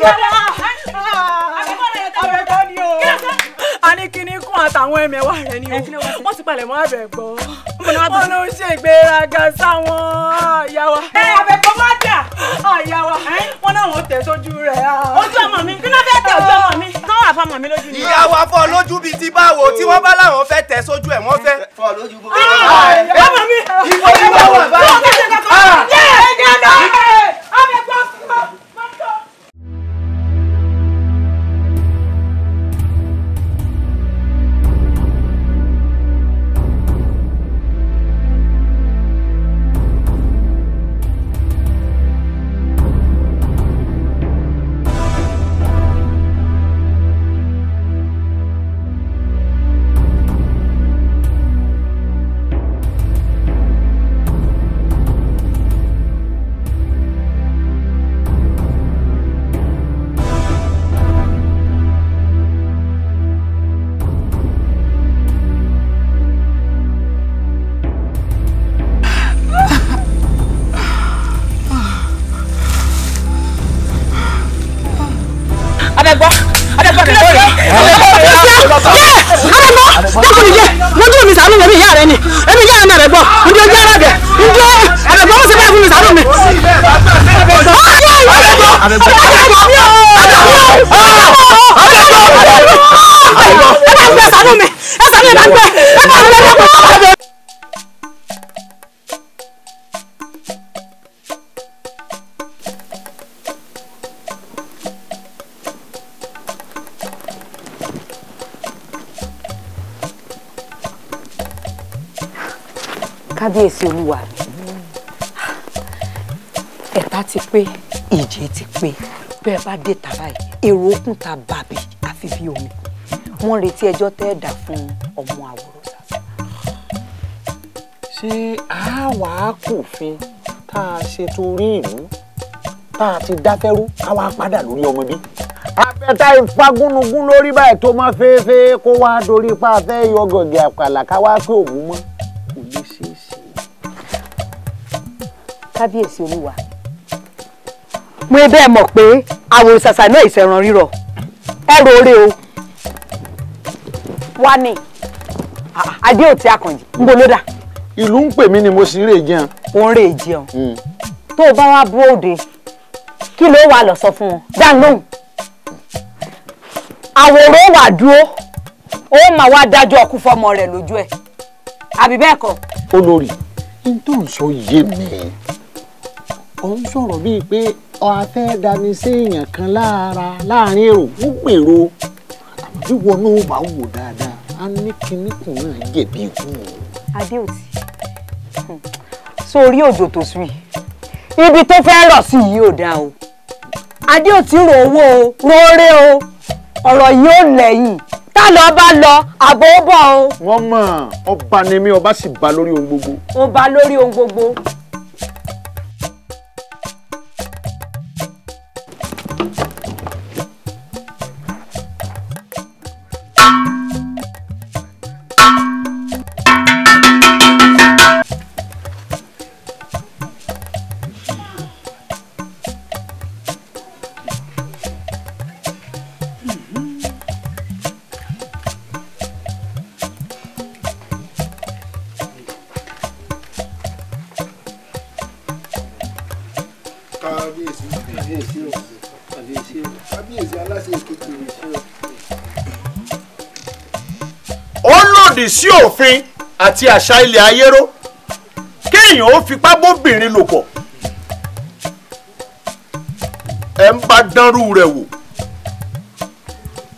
C: ni o abẹ́bọ́ ni o a ní kíní rẹ ni o wọ́n ti palẹ̀ mọ́ àbẹ̀ gbọ́ wọ́n ló ń ṣe ìgbéraga sáwọn àyàwá abẹ́gbọ́ má dà àyàwá wọ́n náà wọ́n tẹ̀ sójú rẹ̀ ojú ọmọ mi kí náà fẹ́ tẹ̀ ojú ọmọ mi kán wà fọmọ
A: mi lójú ni. ìyàwó afọ lójú bíi ti báwo tí wọ́n bá láwọn fẹ́ tẹ̀ sójú ẹ̀ wọ́n fẹ́. fọ lójú bó. ọmọ mi ìwọ ìwọ wà báyìí.
C: àrẹ̀gbọ́ tọkọ nìyẹ lójú mi sàánú mi èmi ìyá rẹ ni èmi ìyá rẹ ni àrẹ̀gbọ́ ǹjẹ́ ọjọ́ ara bẹ̀ ǹjẹ́ àrẹ̀gbọ́ ó sì bẹ́ẹ̀ fún mi sàánú mi. ẹ bá ń gbẹ sàánú mi ẹ sàánú mi bá ń gbẹ ẹ bá ń gbẹ lọ́kọ̀ọ́.
B: kábíyèsí olúwa mi ẹ̀ta ti pé ìjẹ́ ti pé bẹ́ẹ̀ bá dé tàbá yìí èrò okùn ta bàbí àfi bí omi wọ́n retí ẹjọ́ tẹ́ ẹ̀ dà fún ọmọ
A: àwòrán sàṣà. ṣé àwa kòfin tá a ṣe torí ìlú tá a ti dáfẹ́rú káwa padà lórí ọmọ bí. abẹ́ta ìfagúnugún lórí báyìí tó máa fẹ́ẹ́fẹ́ kó wá dorí pa afẹ́ yọ gọ̀gẹ̀ àpàlà káwá pé òun mọ́. kábíyèsí olúwa
B: mo e bẹ́ẹ̀ mọ̀ pé àwòrán ṣàṣà náà ìṣẹ̀ràn rírọ̀ ẹ roore o wá ní adéòtí àkànjì ń bolódà. ìlú ń pè mí ni mo sì ń rè jẹun. ó ń rè jẹun hmm. tó o bá wá bú òde kí ló wà lọ sọ fún wọn dáhùn lóhùn àwòrán wà dúró ó mà wá dájọ́ ọkú fọmọ rẹ̀ lójú ẹ̀ àbí bẹ́ẹ̀ kọ́.
A: olórí n tó ń sọ yé mi ó ń sọ̀rọ̀ bíi pé ọ̀hà fẹ́ dání sí èèyàn kan lára láàrin èrò ó gbèrò àbí wọnú bá wò dáadáa
D: á ní kinníkùn
B: náà jẹ̀bi ikú. adéòtí hmm, sórí òjò tó sùn ibi tó fẹ́ lọ sí yìí ò dáa o adéòtí rò owó o róore o ọ̀rọ̀ yìí ò lẹ́yìn tá lọ bá lọ àbò ó bọ̀ o.
A: wọ́n mọ̀ ọba ni mí ọba sì bá lórí ohun gbogbo.
B: ó lórí ohun gbogbo.
A: lòdì sí òfin àti àṣà ilẹ̀ ayéró kéèyàn ó fipá bóbìnrin lò pọ̀ ẹ̀ ń bá dánrú rẹ̀ wò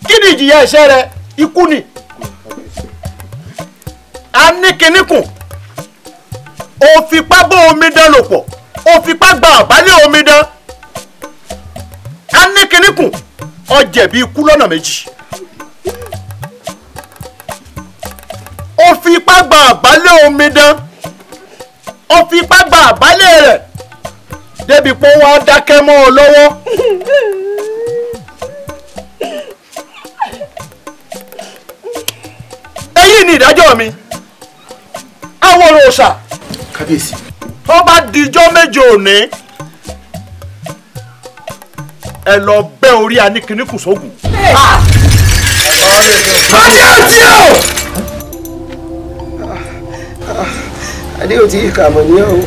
A: kí ni ìjìyà ẹ̀ṣẹ̀ rẹ̀ ikú ni a ní kinníkùn ó fipá bó omidan lò pọ̀ ó gba àbálẹ̀ omidan a ní kinníkùn ó jẹ̀bi ikú lọ́nà méjì. ó fi ipá gba àbálẹ̀ omidan ó fi ipá gba àbálẹ̀ rẹ̀ débi pé wọ́n á dákẹ́ mọ́ ọ lọ́wọ́. èyí ni ìdájọ́ mi àwọn òòṣà. kábíyèsí. tó bá dijọ́ méje òní ẹ lọ bẹ́ orí anikinikun sógun.
D: kábíyèsí o.
A: adé ò tí ì kà mọ̀ ní ọ́ o.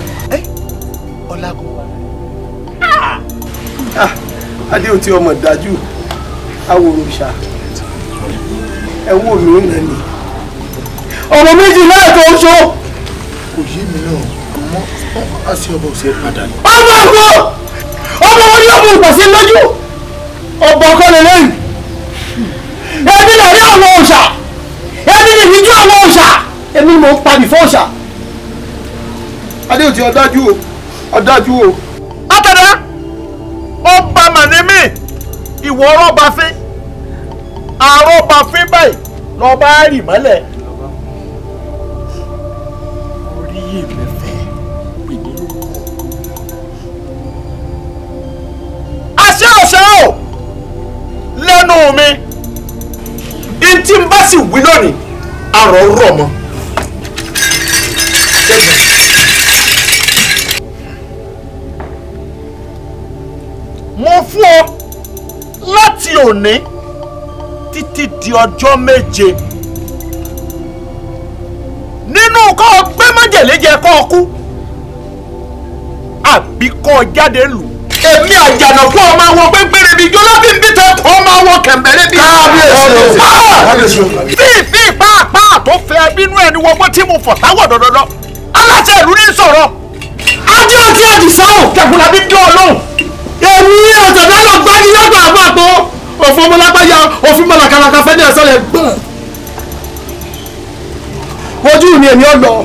A: ọlágun. Ah, ah, adé ò tí ọmọ dájú awòrán ṣá ẹ wò mí ó nà ní. ọmọ méjì náà tó ń sọ. kò yé mi náà àmọ́ àṣẹ ọba ò ṣe padà ní. ọmọ àgọ́ ọmọ wọn ni ọmọ ìpàṣẹ lójú ọba ọkọ lè lẹ́yìn ẹbí lè rí àwọn òòṣà ẹbí lè rí ju àwọn òòṣà èmi ni mo ń pa bìfọ́ òòṣà adéòtí ọ̀dájú o ọ̀dájú o. látọ̀dá ọba mànímì ìwọ ọlọ́ba fín àrọ́ba fín báyìí lọ́ba rì mọ́lẹ̀. orí ìmẹ̀fẹ́ pè mí ló kọ́. àṣẹ ọ̀ṣẹ́ o lẹ́nu mi ntí n bá sì wí lónìí àrọ̀ rọ̀ mọ́. Thank you. fún ọ láti òní títí di ọjọ́ méje nínú kọ́ ọ gbé májèlé jẹ kọ́ ọ kú àbí kọ́ ọ jáde lù. èmi àjànàkú ọmọ àwọn pépéré bíi jọlọ́bí ń bí tẹ́kọ̀ọ́ ọmọ àwọn kẹ̀mẹ́rẹ́ bíi. káàbíyèsí o. fífi pàápàá tó fẹ́ bínú ẹni wọgbọ́n tí mo fọ̀ táwọ̀ dọ̀dọ̀dọ̀ aláṣẹ ìlú ní sọ̀rọ̀. ajé àti àdìsá ò. kẹ̀kùn làbí dán ọ lóhùn èmi ọ̀tọ̀dá lọ gbá ní lọ́gbà àpapọ̀ òfin ọmọlápáyà òfin mọ̀làkàlàkà fẹ́ ní ẹ̀sán rẹ̀ gbọ̀n ojú mi èmi ọ̀lọ́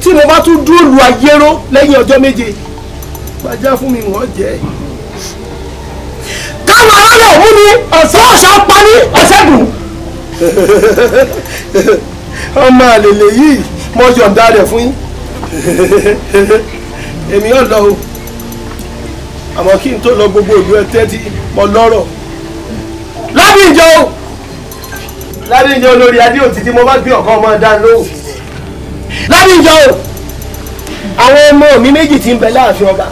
A: tí mo bá tún dúró lu ayéró lẹ́yìn ọjọ́ méje gbajá fún mi wọ́n jẹ́ káwọn aráàlú mú mi ọ̀sán ọ̀sán pa ní ọ̀sẹ́gun ọmọ àlèlè yìí mo yọ̀ǹda rẹ̀ fún yín èmi ọ̀lọ́ o àmọ́ kí n tó lọ gbogbo ìlú ẹ tẹ́tí mọ lọ́rọ̀ ládìjọ ládìjọ olórí adéòtí tí mo bá gbé ọ̀kan ọmọ dá lóhùn ládìjọ àwọn ọmọ mi méjì tí ń bẹ láàfin ọba.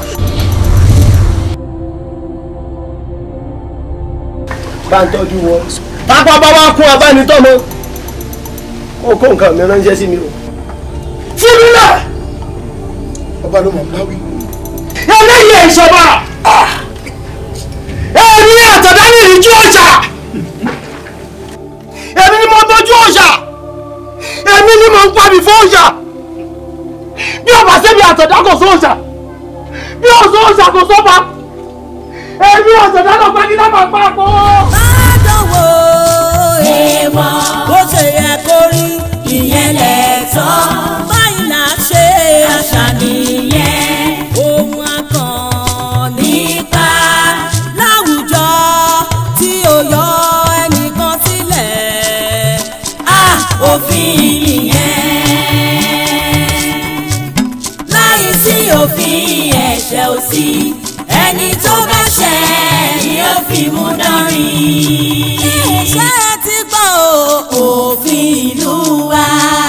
A: bá ń tọ́jú wọn pápá bá wá kún abánitọ́mọ kó kó nǹkan mi ránṣẹ́ sí mi o. fúnmi náà ọba ló mọ̀ báwí eléyìí ìṣọba èmi àtọ̀dá ní ìrìjú ọjà èmi ni mo bójú ọjà èmi ni mo ń pàbí fún ọjà bí ọba sẹ́mi
C: àtọ̀dá kò sọ ọjà bí ọ̀sọ́ ọjà kò sọ́ba èmi àtọ̀dá náà pàgídá máa pa àpò. má dánwò èèmọ̀ bó ṣe yẹ kó rí ìyẹn lẹ̀ tán báyìí là á ṣe àṣà nìyẹn. mo dánrin. kí iṣẹ́ ti gbọ́ òfin ìlú wa.